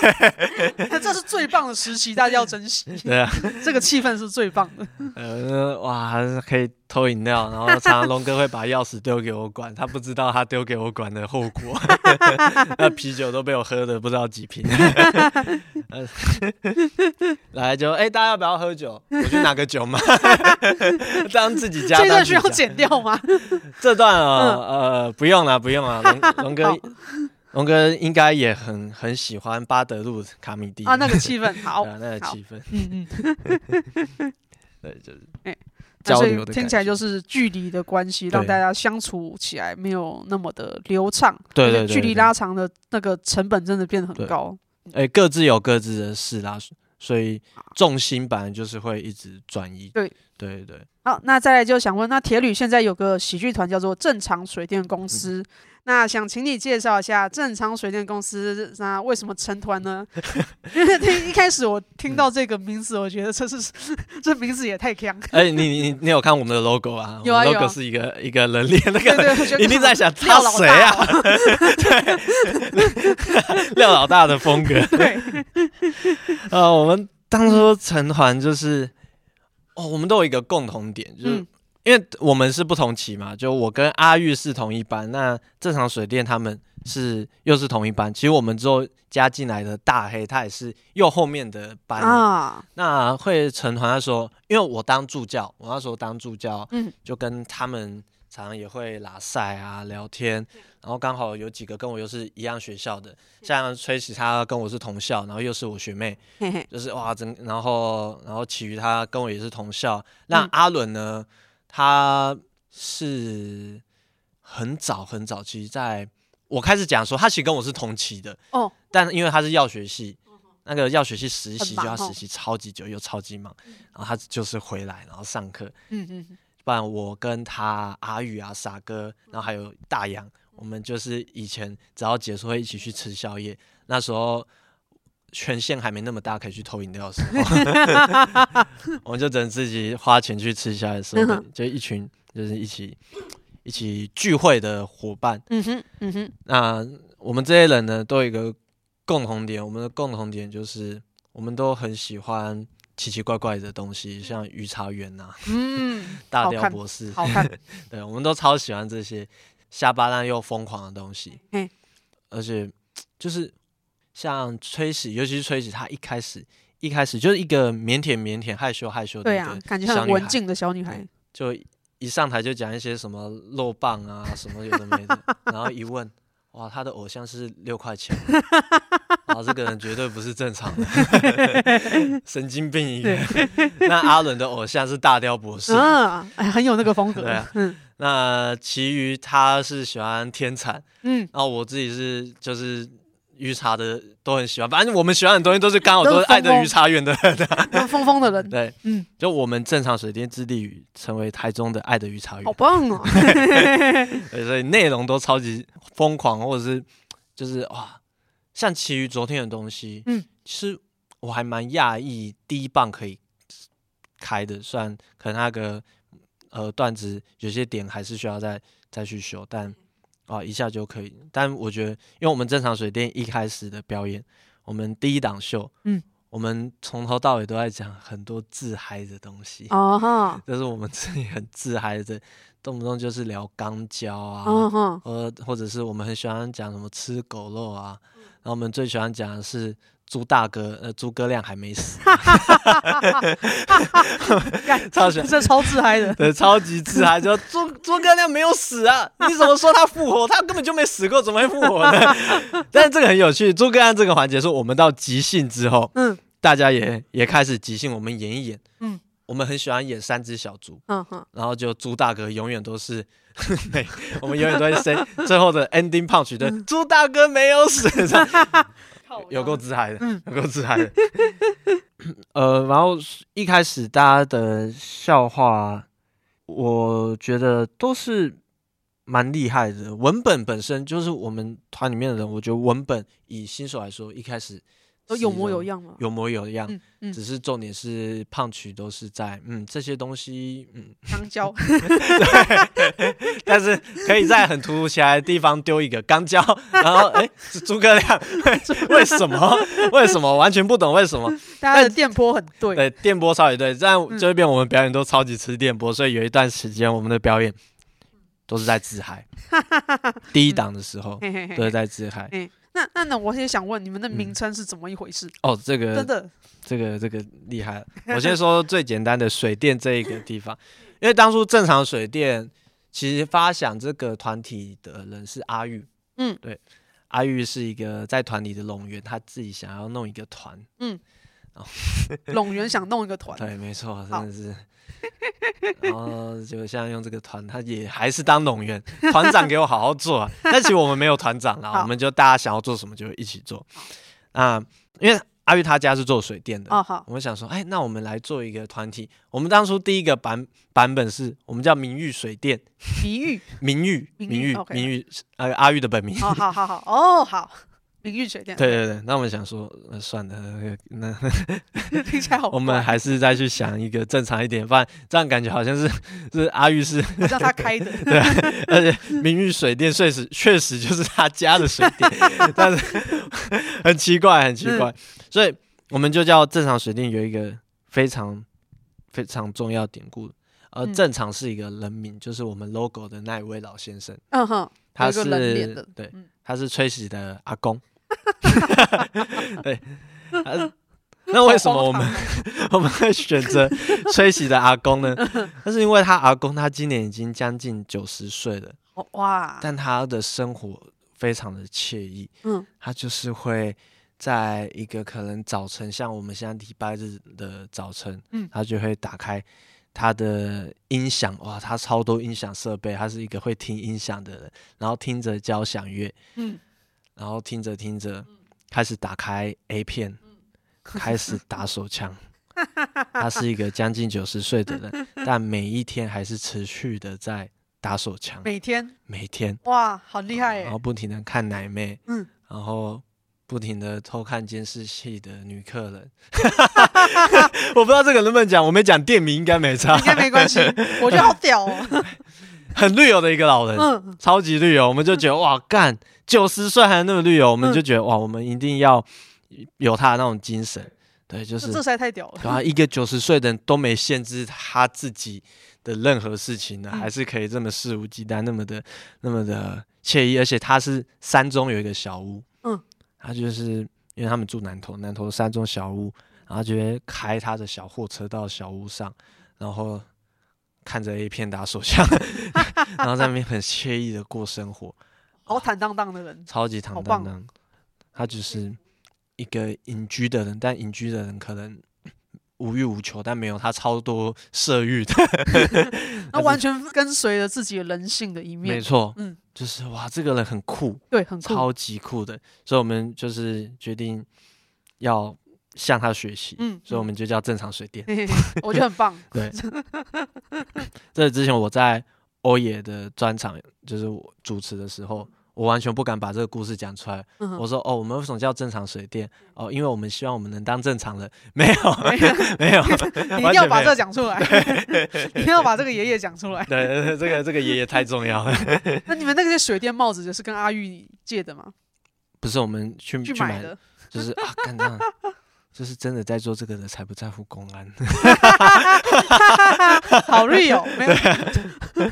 這是最棒的時期，大家要珍惜。 對啊 這個氣氛是最棒的 。呃，哇，還是可以。偷飲料，然後常常龍哥會把鑰匙丟給我管，他不知道他丟給我管的後果。那啤酒都被我喝的不知道幾瓶。來，就哎，大家要不要喝酒？我去拿個酒嘛。當自己家。這段需要剪掉嗎？這段啊，呃，不用了，不用了。龍龍哥，龍哥應該也很很喜歡巴德路卡米蒂啊，那個氣氛好，那個氣氛。對，就是。但是聽起來就是距離的關係，對讓大家相處起來沒有那麼的流暢。對，對，對，對，對，距離拉長的那個成本真的變得很高。哎、嗯欸，各自有各自的事啦，所以重心本來就是會一直轉移。對好，對對對。好，那再來就想問，那鐵鋁現在有個喜劇團叫做“正常水電公司”嗯。那想請你介紹一下正常水電公司，那為什麼成團呢？ 一開始我聽到這個名字，我覺得這是 這名字也太強。哎，你你你有看我們的 logo 啊？有啊，logo 是一個、啊、一個人臉，那個對對對一定在想 他誰啊？對，廖老大的風格。對，呃我們當初成團就是，哦，我們都有一個共同點，就是。嗯因為我們是不同期嘛，就我跟阿玉是同一班，那正常水電他們是又是同一班。其實我們之後加進來的大黑，他也是又後面的班，哦、那會成團的時候，因為我當助教，我那時候當助教，嗯、就跟他們常常也會拉賽啊聊天，然後剛好有幾個跟我又是一樣學校的，像崔啟他跟我是同校，然後又是我學妹，就是哇，真然後然後其餘他跟我也是同校，那阿倫呢？嗯他是很早很早，其實在我開始講說，他其實跟我是同期的哦。Oh. 但因為他是藥學系，那個藥學系實習就要實習超級久又超級忙，Oh. 然後他就是回來然後上課。嗯嗯、mm，hmm. 不然我跟他阿宇啊傻哥，然後還有大洋，我們就是以前只要結束會一起去吃宵夜，那時候。權限還沒那麼大，可以去偷飲料的。 我們就只能自己花錢去吃一下的時候，就一群就是一起一起聚會的夥伴。嗯哼，嗯哼。那我們這些人呢，都有一個共同點，我們的共同點就是我們都很喜歡奇奇怪怪的東西，像魚茶園吶、啊，嗯、 大雕博士，好看。 對，我們都超喜歡這些瞎巴爛又瘋狂的東西。嘿而且就是。像崔始，尤其是崔始，他一開始一開始就是一個靦腆靦腆、害羞害羞的一個，對呀、啊，感覺很文靜的小女孩。就一上台就講一些什麼肉棒啊，什麼有的沒的。 然後一問，哇，他的偶像是六塊錢的，然後 這個人絕對不是正常的， 神經病一個。對 那阿倫的偶像是大雕博士，哎、啊，很有那個風格。 啊、那其餘他是喜歡天蠶，然後、嗯啊、我自己是就是。漁茶的都很喜歡，反正我們喜歡的東西都是剛好都是愛的漁茶園的人，很瘋瘋的人。對，嗯，就我們正常水電致力，成為台中的愛的漁茶園，好棒哦、啊！ 所以內容都超級瘋狂，或者是就是哇，像其餘昨天的東西，嗯，其實我還蠻訝異，第一棒可以開的，雖然可能那個呃段子有些點還是需要再再去修，但。啊、哦，一下就可以，但我覺得，因為我們正常水電一開始的表演，我們第一檔秀，嗯，我們從頭到尾都在講很多自嗨的東西，哦就吼是我們自己很自嗨的東西，動不動就是聊肛交啊，嗯、哦、吼或者是我們很喜歡講什麼吃狗肉啊，然後我們最喜歡講的是。豬大哥，呃，豬哥亮還沒死， 超喜級歡，這超自嗨的，對，超級自嗨，說豬豬哥亮沒有死啊？ 你怎麼說他復活？他根本就沒死過，怎麼會復活呢？ 但是這個很有趣，豬哥亮這個環節是，我們到即興之後，嗯，大家也也開始即興，我們演一演，嗯，我們很喜歡演三隻小豬、嗯，嗯哼，然後就豬大哥永遠都是， 我們永遠都會 say 最後的 ending punch，對，嗯、豬大哥沒有死， 有夠自嗨的，有夠自嗨的。 呃，然後一開始大家的笑話，我覺得都是蠻厲害的。文本本身就是我們團裡面的人，我覺得文本以新手來說，一開始。都有模有樣嗎有模有樣、嗯，嗯、只是重點是 punch 都是在嗯這些東西嗯鋼椒 對 但是可以在很突如其來的地方丟一個鋼膠，然後哎諸、欸、葛亮 為什麼為什麼完全不懂為什麼？但電波很對，對電波超級對，在這一邊我們表演都超級吃電波，所以有一段時間我們的表演都是在自嗨，第一檔、嗯、的時候都是在自嗨。嗯嘿嘿嘿欸那那那，我也想問你們的名稱是怎麼一回事？嗯、哦，這個的這個這個厲害。我先說，說最簡單的 水電這一個地方，因為當初正常水電其實發想這個團體的人是阿玉，嗯，對，阿玉是一個在團裡的龍員，他自己想要弄一個團，嗯，哦，龍員 想弄一個團，對，沒錯，真的是。 然後，就像用這個團，他也還是當農員團長，給我好好做，啊。 但其實我們沒有團長啦，我們就大家想要做什麼就一起做。那好、呃、因為阿玉他家是做水電的我、oh, 好，我想說，哎，那我們來做一個團體。我們當初第一個版版本是，我們叫明玉水電，明玉，明玉，明玉，明玉，呃，阿玉的本名。Oh, 好好好，好哦，好。明玉水電對對對，那我們想說，呃，算了，那那 我們還是再去想一個正常一點，不然這樣感覺好像是是阿玉是知道他開的， 對，而且明玉水電確實確實就是他家的水電， 但是很奇怪很奇怪，奇怪是所以我們就叫正常水電有一個非常非常重要的典故，而正常是一個人名，就是我們 logo 的那一位老先生，嗯，他是嗯，對，他是崔喜的阿公。 對、啊，那為什麼我們 我們會選擇吹洗的阿公呢？那 是因為他阿公他今年已經將近九十歲了，哦，哇！但他的生活非常的愜意，嗯，他就是會在一個可能早晨，像我們現在禮拜日的早晨，嗯，他就會打開他的音響，哇，他超多音響設備，他是一個會聽音響的人，然後聽着交響樂，嗯。然後聽着聽着，開始打開 A 片，嗯、開始打手槍。 他是一個將近九十歲的人， 但每一天還是持續的在打手槍。每天，每天，哇，好厲害、啊！然後不停的看奶妹，嗯、然後不停的偷看監視器的女客人。我不知道這個能不能講，我沒講店名，應該沒差，應該沒關係。我覺得好屌、哦 很綠油的一個老人，嗯、超級綠油，我們就覺得哇幹九十歲還那麼綠油，我們就覺得、嗯、哇，我們一定要有他的那種精神，對，就是這實在太屌了，然後一個九十歲的人都沒限制他自己的任何事情呢、啊，嗯、還是可以這麼肆無忌憚，那麼的那麼的愜意，而且他是山中有一個小屋，嗯，他就是因為他們住南投，南投山中小屋，然後就會開他的小貨車到小屋上，然後。看着 A 片打手槍， 然後在那邊很愜意的過生活，好坦蕩蕩的人，超級坦蕩蕩。他就是一個隱居的人，但隱居的人可能無欲無求，但沒有他超多色欲的， 他完全跟隨着自己人性的一面。沒錯，嗯，就是哇，這個人很酷，對，很超級酷的。所以我們就是決定要。向他學習，嗯，所以我們就叫正常水電，我覺得很棒。對，這是之前我在歐野的專場，就是我主持的時候，我完全不敢把這個故事講出來。我說哦，我們為什麼叫正常水電？哦，因為我們希望我們能當正常人。沒有，沒有，沒有，一定要把這講出來，一定要把這個爺爺講出來。對，這個這個爺爺太重要了。那你們那個水電帽子，就是跟阿玉借的嗎？不是，我們去去買的，就是啊，幹仗。就是真的在做這個的人才不在乎公安， 好 real，對、啊、沒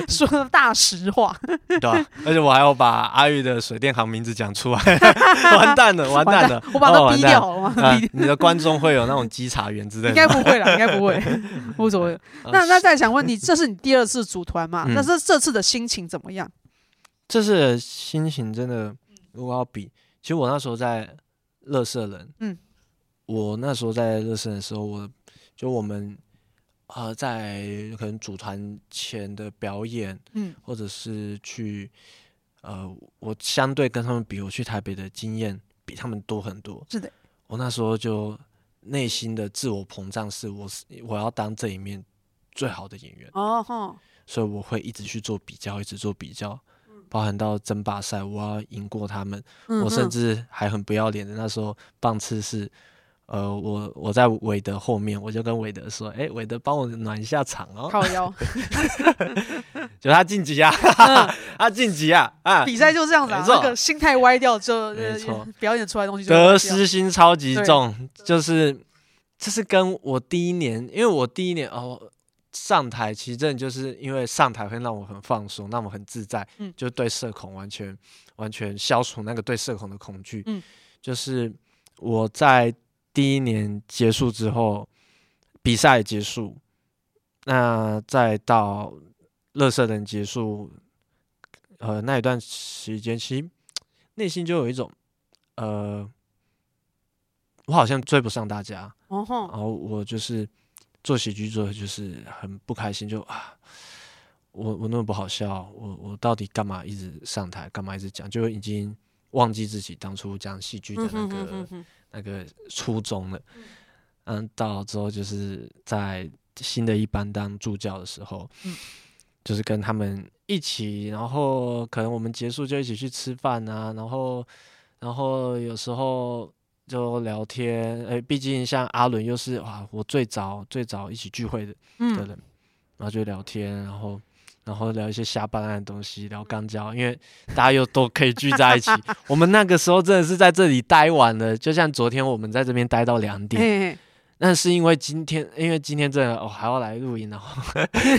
有 說的大實話對、啊，對而且我還要把阿玉的水電行名字講出來，完蛋了，完蛋了，我把他逼掉了逼掉、啊、你的觀眾會有那種稽查員之類的，應該不會了，應該不會，無所謂。那那再想問你，這是你第二次組團嘛？嗯、那這這次的心情怎麼樣？嗯、這次的心情真的，如果要比，其實我那時候在樂色人，嗯。我那時候在熱身的時候，我就我們呃，在可能組團前的表演，嗯，或者是去呃，我相對跟他們比，我去台北的經驗比他們多很多。是的，我那時候就內心的自我膨脹是我是我要當這一面最好的演員哦，所以我會一直去做比較，一直做比較，嗯、包含到爭霸賽，我要贏過他們，嗯、哼我甚至還很不要臉的那時候棒次是。呃，我我在韋德後面，我就跟韋德說：“哎、欸，韋德，幫我暖一下場哦。”靠腰， 就他晉級啊，嗯、 他晉級啊啊！比賽就這樣子啊，錯然後那個心態歪掉就，錯表演出來的東西就。得失心超級重，對就是這是跟我第一年，因為我第一年哦上台，其實真的就是因為上台會讓我很放鬆，讓我很自在，嗯、就對社恐完全完全消除那個對社恐的恐懼。嗯、就是我在。第一年結束之後，比賽結束，那再到樂色人結束，呃，那一段時間其實內心就有一種，呃，我好像追不上大家，哦、吼然後我就是做喜劇做的就是很不開心，就啊，我我那麼不好笑，我我到底幹嘛，一直上台，幹嘛一直講，就已經忘記自己當初講喜劇的那個。嗯哼哼哼那個初中的，嗯，到了之後就是在新的一班當助教的時候，嗯、就是跟他們一起，然後可能我們結束就一起去吃飯啊，然後，然後有時候就聊天，哎、欸，畢竟像阿倫又是啊，我最早最早一起聚會的，嗯、對的人，然後就聊天，然後。然後聊一些下班的東西，聊剛交，因為大家又都可以聚在一起。 我們那個時候真的是在這裡待晚了，就像昨天我們在這邊待到兩點。嘿嘿，那是因為今天，因為今天真的哦還要來錄音，哦，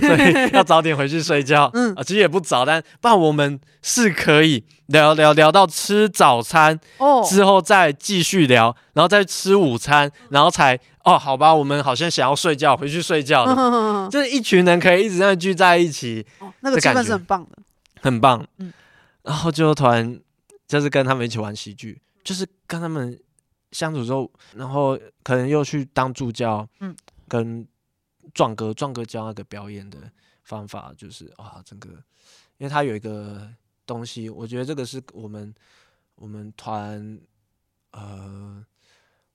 然 後所以要早點回去睡覺。 嗯，其實也不早，但但我們是可以聊聊聊到吃早餐，oh. 之後再繼續聊，然後再吃午餐，然後才。哦，好吧，我們好像想要睡覺，回去睡覺、嗯、呵呵就是一群人可以一直這樣聚在一起，嗯哦、那個感覺是很棒的，很棒。嗯，然後就突然就是跟他們一起玩喜劇，就是跟他們相處之後，然後可能又去當助教，嗯，跟壯哥，壯哥教那個表演的方法，就是啊，整個，因為他有一個東西，我覺得這個是我們我們團，呃，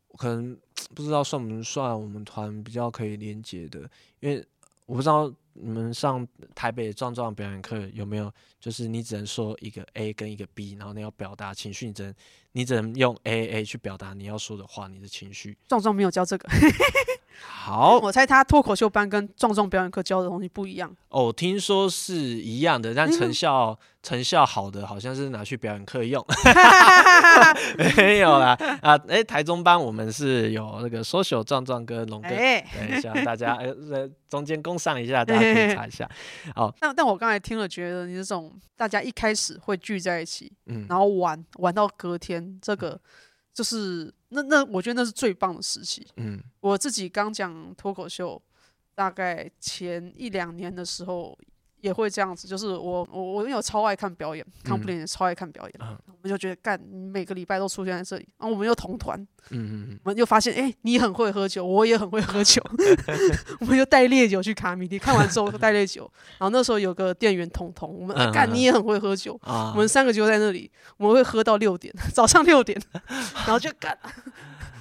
我可能。不知道算不算我們團比較可以連接的，因為我不知道你們上台北壯壯表演課有沒有，就是你只能說一個 A 跟一個 B，然後你要表達情緒，你只能你只能用 A A 去表達你要說的話，你的情緒。壯壯沒有教這個。 好，我猜他脫口秀班跟壯壯表演課教的東西不一樣。哦，聽說是一樣的，但成效、嗯。成效好的，好像是拿去表演課用， 沒有啦。啊！哎、欸，台中班我們是有那個 social 壯壯跟龍哥，希望、欸、大家哎在、欸、中間共上一下，大家可以查一下。哦，那但我剛才聽了，覺得你這種大家一開始會聚在一起，嗯，然後玩玩到隔天，這個就是、嗯、那那我覺得那是最棒的時期。嗯，我自己剛講脫口秀，大概前一兩年的時候。也會這樣子，就是我我我因為我超愛看表演，康布林也超愛看表演，我們就覺得幹，每個禮拜都出現在這裡，然後我們又同團，嗯，我們就發現哎、欸，你很會喝酒，我也很會喝酒， 我們就帶烈酒去卡米迪，看完之後帶烈酒，然後那時候有個店員同同我們乾、嗯啊、你也很會喝酒，嗯、我們三個就在那裡，我們會喝到六點，早上六點，然後就幹，哇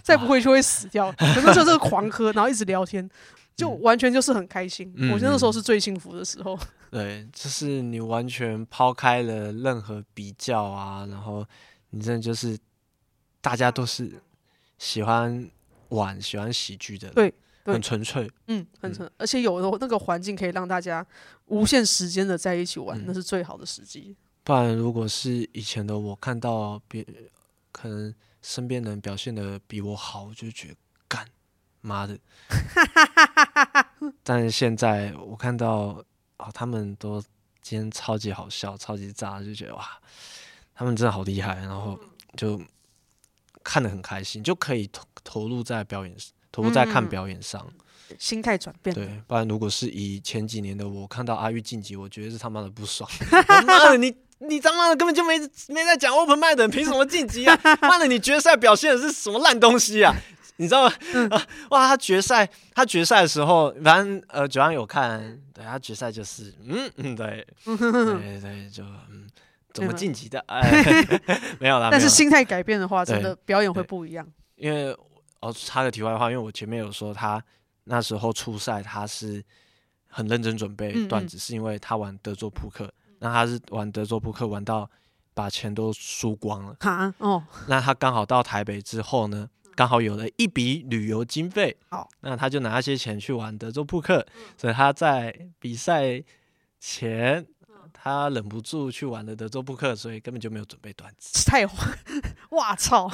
再不回去會死掉，反正哇就是狂喝，然後一直聊天，嗯、就完全就是很開心，嗯、我覺得那時候是最幸福的時候。對，就是你完全拋開了任何比較啊，然後你真的就是，大家都是喜歡玩，喜歡喜劇的，對，對，很純粹，嗯，很純，而且有的那個環境可以讓大家無限時間的在一起玩，嗯，那是最好的時機。不然，如果是以前的我，看到別人可能身邊人表現的比我好，我就覺得幹媽的， 但是現在我看到。啊、哦！他們都今天超級好笑，超級炸，就覺得哇，他們真的好厲害，然後就看得很開心，就可以投投入在表演、嗯、投入在看表演上，心態轉變。對，不然如果是以前幾年的我，我看到阿玉晉級，我覺得是他媽的不爽， 我他媽的你。你他媽的根本就沒沒在講 open 麥的，憑什麼晉級啊？媽 的，你決賽表現的是什麼爛東西啊？你知道嗎？嗯、啊，哇！他決賽他決賽的時候，反正呃，九安有看，對，他決賽就是嗯嗯，對，對對，就嗯，怎麼晉級的、嗯 哎？沒有啦。有啦，但是心態改變的話，真的對表演會不一樣。因為哦，插個題外的話，因為我前面有說他那時候初賽他是很認真準備段子，嗯嗯是因為他玩德州撲克。那他是玩德州撲克，玩到把錢都輸光了。哈、啊、哦。那他剛好到台北之後呢，剛、嗯、好有了一筆旅遊經費。好、嗯。那他就拿一些錢去玩德州撲克，嗯、所以他在比賽前、嗯、他忍不住去玩了德州撲克，所以根本就沒有準備段子。太荒！哇操！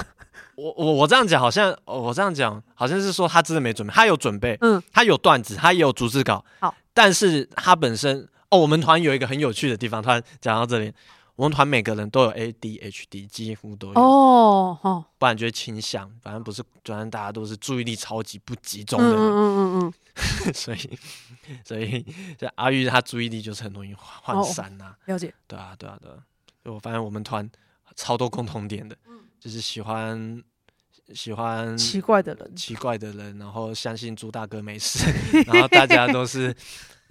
我我我這樣講好像，我這樣講好像是說他真的沒準備，他有準備，嗯，他有段子，他也有逐字稿。好，但是他本身。哦，我們團有一個很有趣的地方，突然講到這裡，我們團每個人都有 ADHD，幾乎都有哦哦，哦不然就會傾向，反正不是，反正大家都是注意力超級不集中的人，嗯嗯嗯，嗯 所以所以這阿玉他注意力就是很容易渙散、哦、啊。了解？對啊對啊對啊，對啊對啊所以我發現我們團超多共同點的，就是喜歡。喜歡奇怪的人，奇怪的人，然後相信朱大哥沒事， 然後大家都是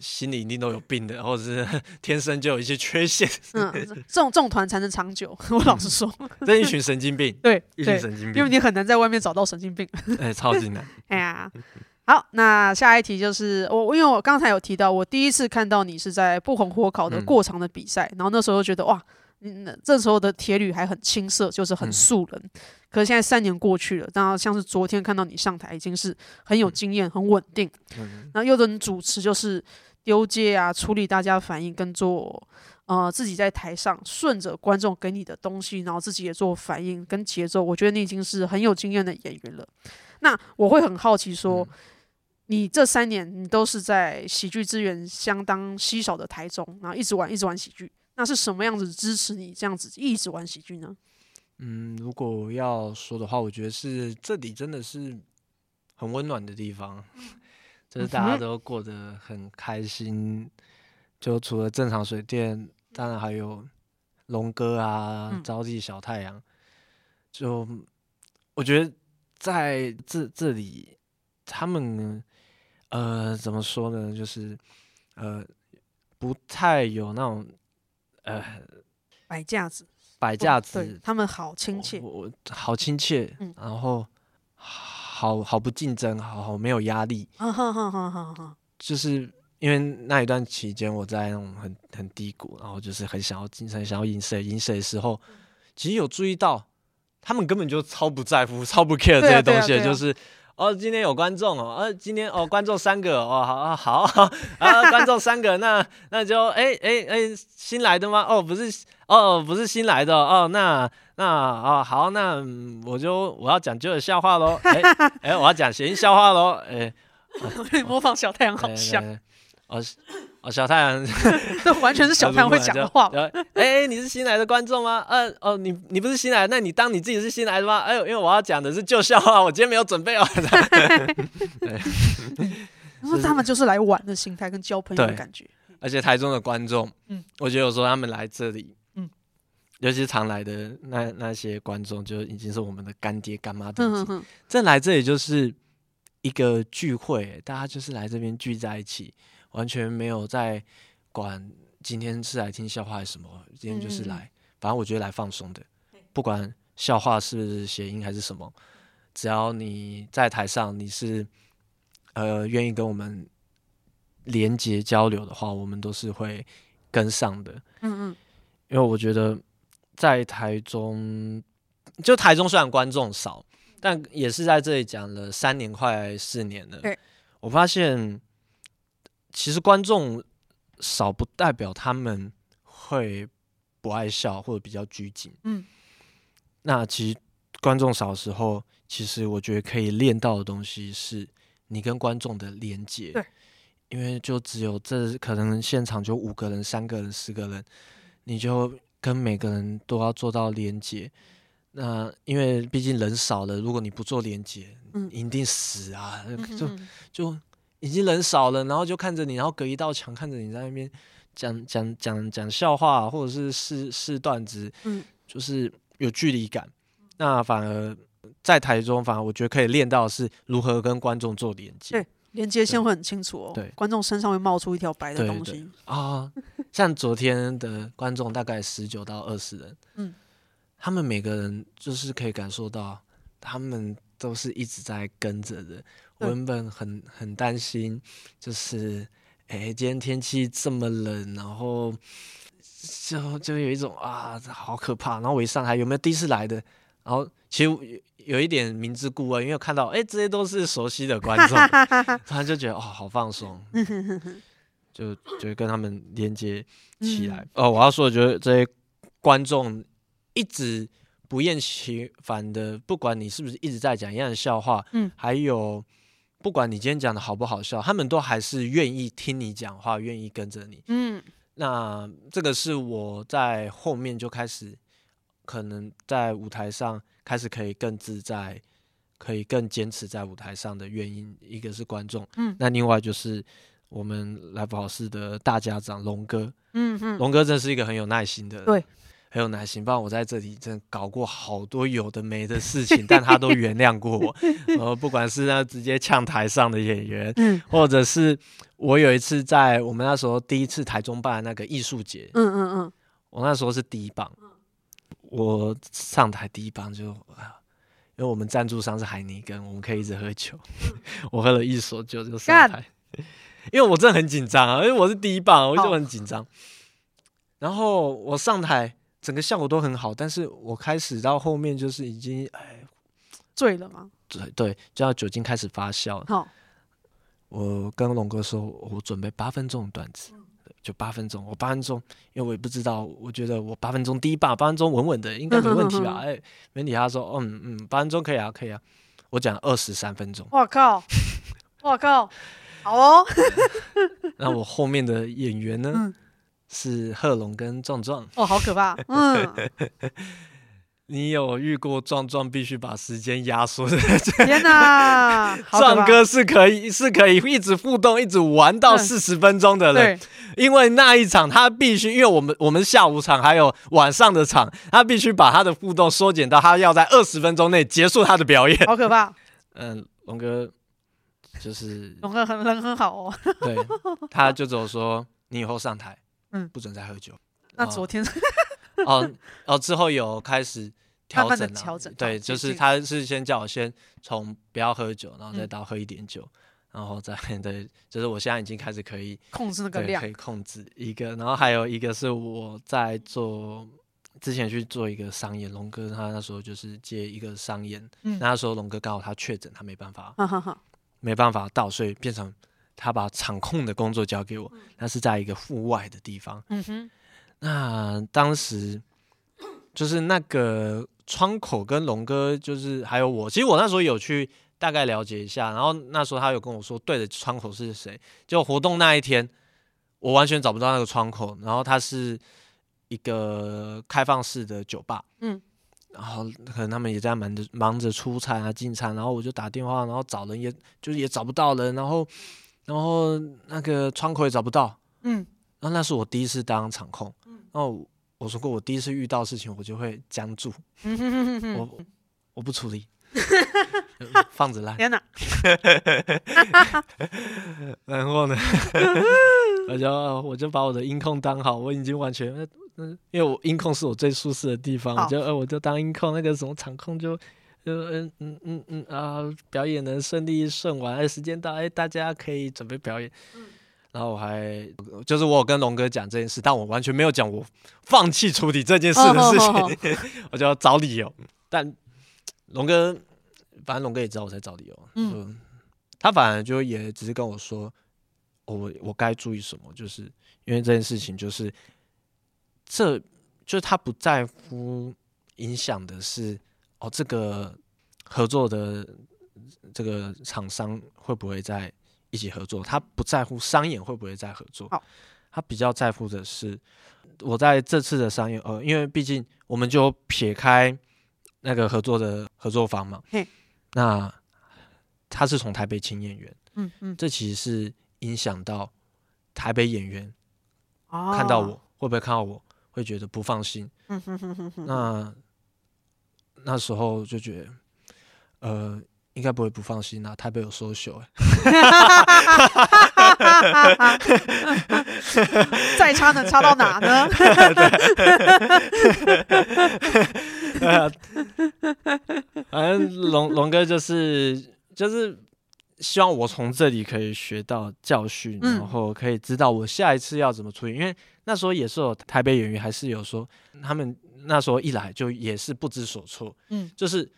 心裡一定都有病的， 或者是天生就有一些缺陷。嗯， 這種這種團才能長久。我老實說，嗯、這一群神經病， 對，一群神經病，因為你很難在外面找到神經病。哎、 欸，超級難。 哎呀，好，那下一題就是我，因為我剛才有提到，我第一次看到你是在不紅火烤的過場的比賽，嗯、然後那時候就覺得哇。嗯，這時候的鐵鋁還很青澀，就是很素人。嗯、可是現在三年過去了，那像是昨天看到你上台，已經是很有經驗、嗯、很穩定。嗯、那有的人主持就是丟接啊，處理大家的反應跟做呃自己在台上順着觀眾給你的東西，然後自己也做反應跟節奏。我覺得你已經是很有經驗的演員了。那我會很好奇說，嗯、你這三年你都是在喜劇資源相當稀少的台中，然後一直玩一直玩喜劇。那是什麼樣子支持你這樣子一直玩喜劇呢？嗯，如果要說的話，我覺得是這裡真的是很溫暖的地方，嗯、就是大家都過得很開心。嗯、就除了正常水電，當然還有龍哥啊、招娣、嗯、小太陽。就我覺得在這這裡，他們呃怎麼說呢？就是呃不太有那種。呃，擺架子，擺架子，他們好親切，我，我好親切，嗯，然後好好不競爭，好好沒有壓力，哈哈哈哈，就是因為那一段期間我在那種很很低谷，然後就是很想要競爭，很想要贏誰贏誰的時候，其實有注意到他們根本就超不在乎，超不 care 這些東西，啊啊啊、就是。哦，今天有觀眾哦、呃，今天哦，觀眾三個哦，好好好，好、哦、觀眾三個，那那就，哎哎哎，新來的嗎？哦，不是，哦，不是新來的哦，那那哦，好，那我就我要講舊的笑話嘍，哎、 欸欸、我要講新笑話嘍，哎，模仿小太陽好像，哦。 哦，小太陽， 這完全是小太陽會講的話。哎、 欸欸，你是新來的觀眾嗎？呃、啊，哦，你你不是新來的，那你當你自己是新來的嗎？哎、欸、呦，因為我要講的是舊笑話，我今天沒有準備哦。他們就是來玩的心態，跟交朋友的感覺。而且台中的觀眾，嗯，我覺得有時候他們來這裡，嗯，尤其是常來的那那些觀眾，就已經是我們的乾爹乾媽等級。再、嗯、來這裡就是一個聚會，大家就是來這邊聚在一起。完全沒有在管今天是來聽笑話還是什麼，今天就是來，嗯、反正我覺得來放鬆的。不管笑話是諧音還是什麼，只要你在台上，你是呃願意跟我們連接交流的話，我們都是會跟上的。嗯嗯，因為我覺得在台中，就台中雖然觀眾少，但也是在這裡講了三年快四年了。嗯、我發現。其實觀眾少不代表他們會不愛笑或者比較拘謹。嗯。那其實觀眾少的時候，其實我覺得可以練到的東西是你跟觀眾的連接。對因為就只有這可能現場就五個人、三個人、四個人，你就跟每個人都要做到連接。那因為畢竟人少了，如果你不做連接，你、嗯、一定死啊！就嗯嗯嗯就。已經人少了，然後就看着你，然後隔一道牆看着你在那邊講講講講笑話，或者是試試段子，嗯，就是有距離感。那反而在台中，反而我覺得可以練到是如何跟觀眾做連接。嗯、對，連接線會很清楚哦。對，對觀眾身上會冒出一條白的東西。對啊，哦、 像昨天的觀眾大概十九到二十人，嗯，他們每個人就是可以感受到，他們都是一直在跟着的。我原本很很擔心，就是，哎、欸，今天天氣這麼冷，然後就，就就有一種啊，好可怕。然後我一上台，有沒有第一次來的？然後其實有，有一點明知故問，因為我看到哎、欸，這些都是熟悉的觀眾，他 就覺得哦，好放鬆， 就就跟他們連接起來。哦、嗯呃，我要說，的就是這些觀眾一直不厭其煩的，不管你是不是一直在講一樣的笑話，嗯、還有。不管你今天講的好不好笑，他們都還是願意聽你講話，願意跟着你。嗯，那這個是我在後面就開始，可能在舞台上開始可以更自在，可以更堅持在舞台上的原因。一個是觀眾，嗯，那另外就是我們來福好事的大家長龍哥，嗯哼龍哥真是一個很有耐心的，對。很有耐心，不然我在這裡真的搞過好多有的沒的事情， 但他都原諒過我。然、呃、後不管是那直接嗆台上的演員，嗯、或者是我有一次在我們那時候第一次台中辦的那個藝術節，嗯嗯嗯，我那時候是第一棒，我上台第一棒就、呃、因為我們贊助商是海尼根，我們可以一直喝酒，嗯、 我喝了一手酒就上台，因為我真的很緊張啊，因為我是第一棒，我就很緊張，好然後我上台。整個效果都很好，但是我開始到後面就是已經哎醉了嘛。對對，就要酒精開始發酵了。好，哦、我跟龍哥說，我準備八分鐘的段子，就八分鐘。我八分鐘，因為我也不知道，我覺得我八分鐘第一棒，八分鐘穩穩的，應該沒問題吧？嗯、哼哼哎，沒理他說，嗯、哦、嗯，八、嗯、分鐘可以啊，可以啊。我講二十三分鐘，我靠，我 靠，好哦。 那我後面的演員呢？嗯是賀龍跟壯壯哦，好可怕！嗯， 你有遇過壯壯必須把時間壓縮的？天哪，壯哥是可以是可以一直互動一直玩到四十分鐘的人，嗯、對，因為那一場他必須，因為我們我們下午場還有晚上的場，他必須把他的互動縮減到他要在二十分鐘內結束他的表演，好可怕。嗯，龍哥就是龍哥很，很很很人很好哦。對，他就走說：“你以後上台。”嗯，不准再喝酒。那昨天，哦哦，之後有開始調整啊，調整啊。對，對，就是他是先叫我先從不要喝酒，然後再到喝一點酒，嗯、然後再對，就是我現在已經開始可以控制那個量，可以控制一個。然後還有一個是我在做之前去做一個商演，龍哥他那時候就是接一個商演，嗯、那時候龍哥剛好他確診，他沒辦法，哦、好好沒辦法到，所以變成。他把場控的工作交給我，那是在一個戶外的地方。嗯哼，那當時就是那個窗口跟龍哥，就是還有我。其實我那時候有去大概了解一下，然後那時候他有跟我說，對的窗口是誰。就活動那一天，我完全找不到那個窗口。然後他是一個開放式的酒吧，嗯，然後可能他們也在忙着忙着出餐啊進餐，然後我就打電話，然後找人也，也就也找不到人，然後。然後那個窗口也找不到，嗯，然後那是我第一次當場控，嗯，然後我，我說過我第一次遇到的事情我就會僵住，嗯、哼哼哼我我不處理， 放着爛，天哪 然後呢， 我就我就把我的音控當好，我已經完全，因為我音控是我最舒適的地方，哦、我就呃我就當音控那個什麼場控就。就嗯嗯嗯嗯嗯啊，表演能順利順完，哎，時間到，哎、欸，大家可以準備表演。嗯、然後我還就是我有跟龍哥講這件事，但我完全沒有講我放棄處理這件事的事情，哦、好好好 我就要找理由。但龍哥，反正龍哥也知道我在找理由。嗯，他反而就也只是跟我說，我我該注意什麼，就是因為這件事情、就是，就是這就是他不在乎影響的是。哦，這個合作的這個廠商會不會在一起合作？他不在乎商演會不會再合作，哦、他比較在乎的是我在這次的商演，呃、哦，因為畢竟我們就撇開那個合作的合作方嘛。嘿那他是從台北請演員，嗯嗯、這其實是影響到台北演員看到我、哦、會不會看到我會覺得不放心。嗯哼哼哼哼。那。那時候就覺得，呃，應該不會不放心啊，台北有收秀，再差能差到哪呢？反正龍龍哥就是就是希望我從這裡可以學到教訓，然後可以知道我下一次要怎麼出演。嗯，因為那時候也是有台北演員，還是有說他們。那時候一來就也是不知所措，嗯，就是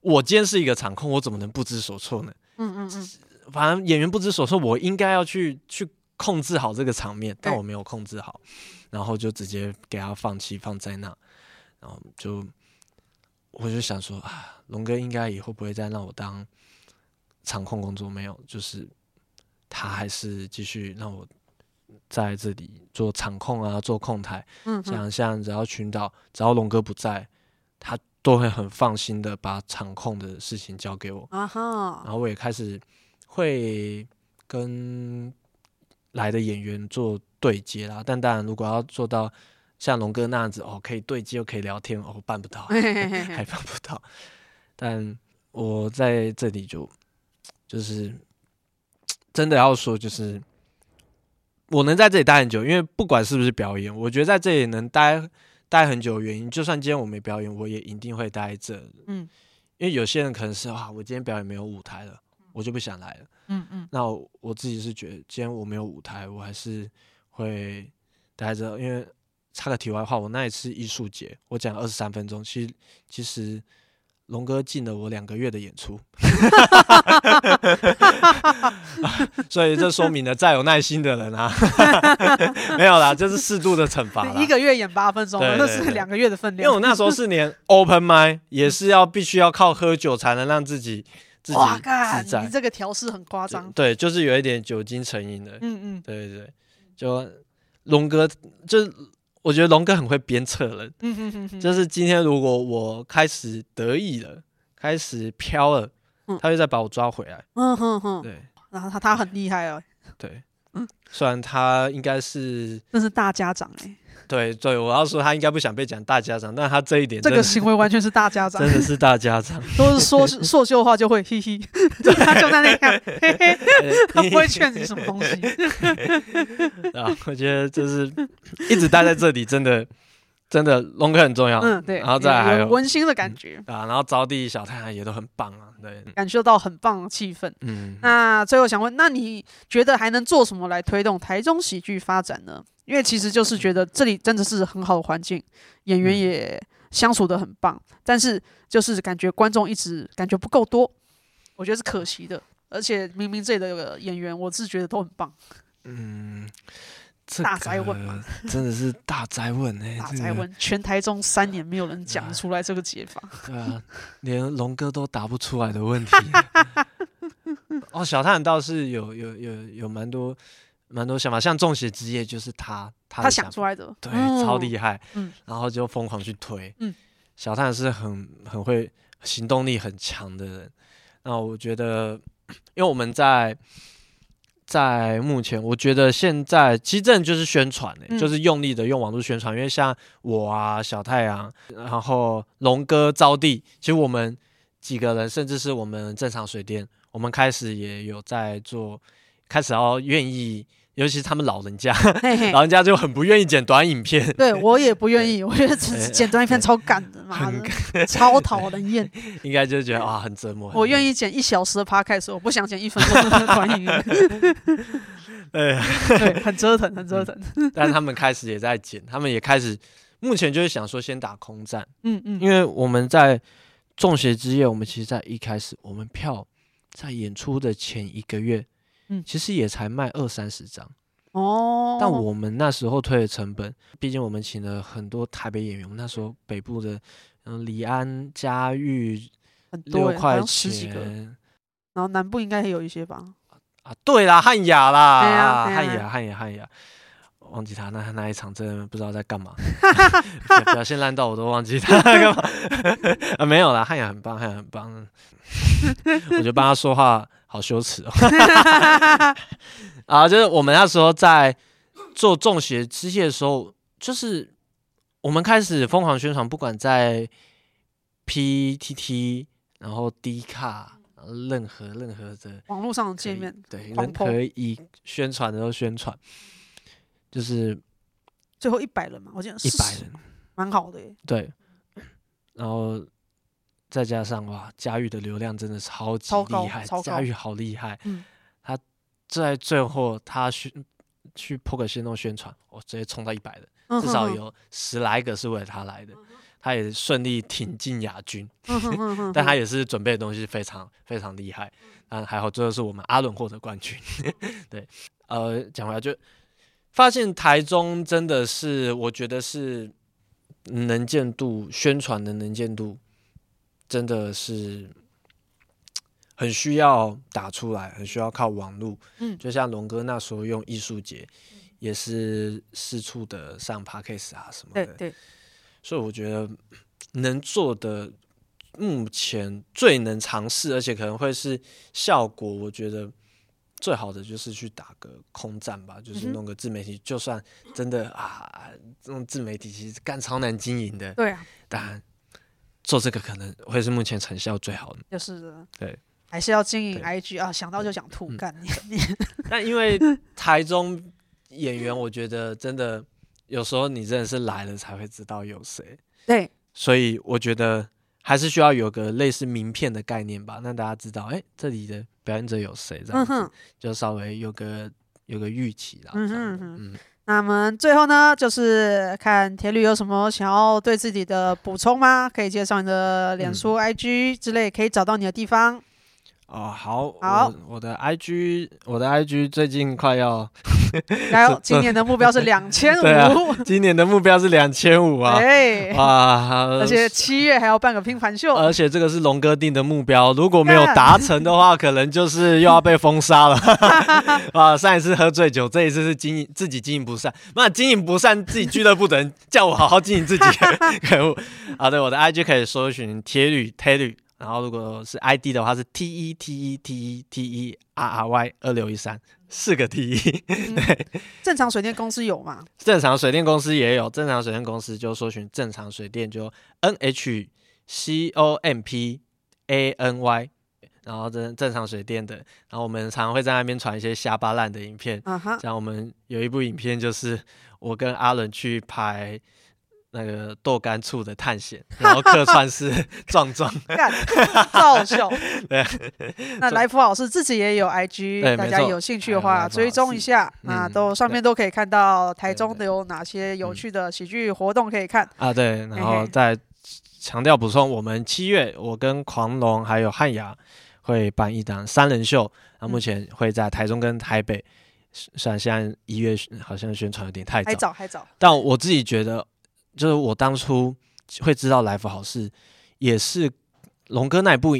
我今天是一個場控，我怎麼能不知所措呢？嗯嗯，反正演員不知所措，我應該要去去控制好這個場面，但我沒有控制好，然後就直接給他放棄，放在那，然後就我就想說啊，龍哥應該以後不會再讓我當場控工作，沒有，就是他還是繼續讓我。在這裡做場控啊，做控台，嗯哼，像像只要群島，只要龍哥不在，他都會很放心的把場控的事情交給我，啊、吼然後我也開始會跟來的演員做對接啊，但當然，如果要做到像龍哥那樣子哦，可以對接又可以聊天哦，我辦不到， 還辦不到。但我在這裡就就是真的要說就是。我能在這裡待很久，因為不管是不是表演，我覺得在這裡能待待很久的原因，就算今天我沒表演，我也一定會待着。嗯，因為有些人可能是啊，我今天表演沒有舞台了，我就不想來了。嗯嗯，那我，我自己是覺得，今天我沒有舞台，我還是會待着。因為插個題外話，我那一次藝術節，我講了二十三分鐘，其實其實龍哥禁了我兩個月的演出。哈哈哈！ 所以這說明了，再有耐心的人啊， 沒有啦，這，就是適度的懲罰了。一個月演八分鐘，那 是兩個月的分量。 因為我那時候是連 open mic 也是要必須要靠喝酒才能讓自己自己自在哇。你這個調試很誇張。對，就是有一點酒精成癮的。嗯嗯，對對對，就龍哥，就我覺得龍哥很會鞭策人。嗯嗯嗯，就是今天如果我開始得意了，開始飄了。他又在把我抓回來，嗯哼哼，對，然後他他很厲害哦，對，嗯，雖然他應該是那是大家長哎、欸，對對，我要說他應該不想被講大家長，但他這一點這個行為完全是大家長， 真的是大家長，都是說說秀的話就會嘿嘿， 對 他就在那看嘿嘿，他不會勸你什麼東西， 啊，我覺得就是一直待在這裡真的。真的，龍哥很重要。嗯，對。然後再來還有溫馨的感覺、嗯、啊，然後招弟、小太陽也都很棒啊，對，感受到很棒的氣氛。嗯，那最後想問，那你覺得還能做什麼來推動台中喜劇發展呢？因為其實就是覺得這裡真的是很好的環境，演員也相處的很棒，嗯、但是就是感覺觀眾一直感覺不夠多，我覺得是可惜的。而且明明這裡的演員，我自己覺得都很棒。嗯。大災問真的是大災問哎、欸！大災問，這個、全台中三年沒有人講出來這個解法，啊對啊，連龍哥都答不出來的問題。 哦，小探倒是有有有有蠻多蠻多想法，像中邪之夜就是他他想，他想出來的，對，超厲害。嗯、然後就瘋狂去推。嗯、小探是很很會行動力很強的人。那我覺得，因為我們在。在目前，我覺得現在其實就是宣傳、欸，嗯、就是用力的用網絡宣傳。因為像我啊，小太陽，然後龍哥、招弟，其實我們幾個人，甚至是我們正常水電，我們開始也有在做，開始要願意。尤其是他們老人家，嘿嘿老人家就很不願意剪短影片。對，我也不願意，對我覺得只是剪短影片超趕的嘛，媽的很，超討人厭。應該就是覺得啊對，很折磨。我願意剪一小時的趴開始，我不想剪一分鐘的短影片。 對，很折騰，很折騰。嗯、 但他們開始也在剪，他們也開始，目前就是想說先打空戰。嗯嗯。嗯因為我們在重學之夜，我們其實在一開始，我們票在演出的前一個月。嗯，其實也才賣二三十張哦，但我們那時候推的成本，畢竟我們請了很多台北演員，嗯、我們那時候北部的，嗯，李安家喻六塊錢、嘉玉，很多、欸，然後十然後南部應該也有一些吧啊。啊，對啦，漢雅啦，漢雅、欸啊，漢、欸、雅、啊，漢雅，忘記他那那一場，真的不知道在幹嘛， 表現爛到我都忘記他幹嘛、 啊。沒有啦，漢雅很棒，漢雅很棒， 我就幫他說話。好羞恥哦！啊，就是我們那時候在做中學機械的時候，就是我們開始瘋狂宣傳，不管在 P T T，然後 D 卡，任何任何的網絡上的界面對。對，們可碰以宣傳的時候宣傳，就是最後一百人嘛，我記得是一百人蠻好的耶，對，然後。再加上哇，嘉玉的流量真的超級厲害，嘉玉好厲害。嗯、他在最後他宣去去 Poke 先弄宣傳，我直接衝到一百的，嗯、哼哼至少有十來個是為了他來的。他也順利挺進亞軍，嗯、哼哼哼 但他也是準備的東西非常非常厲害。嗯，還好最後是我們阿倫獲得冠軍。 對，呃，講回來就發現台中真的是，我覺得是能見度宣傳的能見度，真的是很需要打出來，很需要靠網絡。嗯，就像龍哥那時候用藝術節，嗯、也是四處的上 Podcast 啊什麼的。對，對。所以我覺得能做的，目前最能嘗試，而且可能會是效果，我覺得最好的就是去打個空戰吧，就是弄個自媒體。嗯、哼就算真的啊，這自媒體其實幹超難經營的。對啊，當然。做這個可能會是目前成效最好的，就是的對，還是要經營 IG 對啊，想到就想吐幹，概念。但因為台中演員，我覺得真的有時候你真的是來了才會知道有誰，對，所以我覺得還是需要有個類似名片的概念吧，那大家知道，哎、欸，這裡的表演者有誰這樣、嗯、哼就稍微有個有個預期啦，嗯哼嗯哼嗯。那麼最後呢，就是看鐵鋁有什麼想要對自己的補充嗎？可以介紹你的臉書、嗯、IG 之類，可以找到你的地方。哦、呃，好，好我，我的 IG，我的 IG 最近快要。 加油、 啊，今年的目標是兩千五，今年的目標是兩千五啊，哎，啊、而且七月還要辦個拼盤秀，而且這個是龍哥定的目標，如果沒有達成的話，可能就是又要被封殺了，啊， 上一次喝醉酒，這一次是經營自己經營不善，那經營不善，自己俱樂部的人叫我好好經營自己，可惡， 對、啊、我的 I G 可以搜尋鐵鋁鐵鋁。然後如果是 ID 的話，是 T E T E T E T E R R Y 二六一三四個 T E、嗯。 對正常水電公司有嗎？正常水電公司也有，正常水電公司就搜尋正常水電就 N H C O M P A N Y，然後正正常水電的，然後我們常常會在那邊傳一些瞎巴爛的影片，像、啊、哈我們有一部影片就是我跟阿倫去拍。那個豆干醋的探險，然後客串是壯壯、趙秀。對，那來福老師自己也有 IG，大家有興趣的話追蹤一下，那都上面都可以看到台中的有哪些有趣的喜劇活動可以看啊。對，然後再強調補充，我們七月我跟狂龍還有漢雅會辦一檔三人秀，那目前會在台中跟台北，雖然現在一月好像宣傳有點太早，還早還早，但我自己覺得。就是我當初會知道《來福好事》，也是龍哥那一部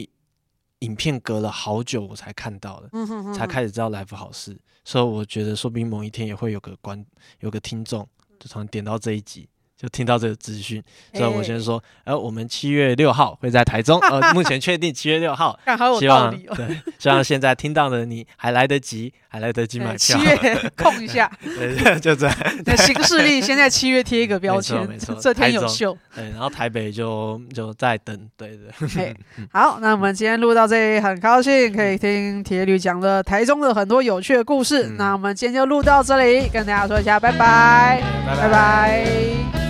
影片隔了好久我才看到的，嗯哼嗯哼才開始知道《來福好事》。所以我覺得，說不定某一天也會有個觀，有個聽眾，就從點到這一集。就聽到這個資訊，所以我先說，呃、欸，我們七月六號會在台中，呃，目前確定七月六號， 哦、希望對，希望現在聽到的你還來得及，還來得及買票，欸。七月空一下對，對,就這樣。新勢力現在七月貼一個標籤，這天有秀！對，然後台北就就在等，對對，對、欸。好，那我們今天錄到這裡，很高興可以聽鐵鋁講的台中的很多有趣的故事。嗯、那我們今天就錄到這裡，跟大家說一下，拜拜，嗯、拜拜。拜拜。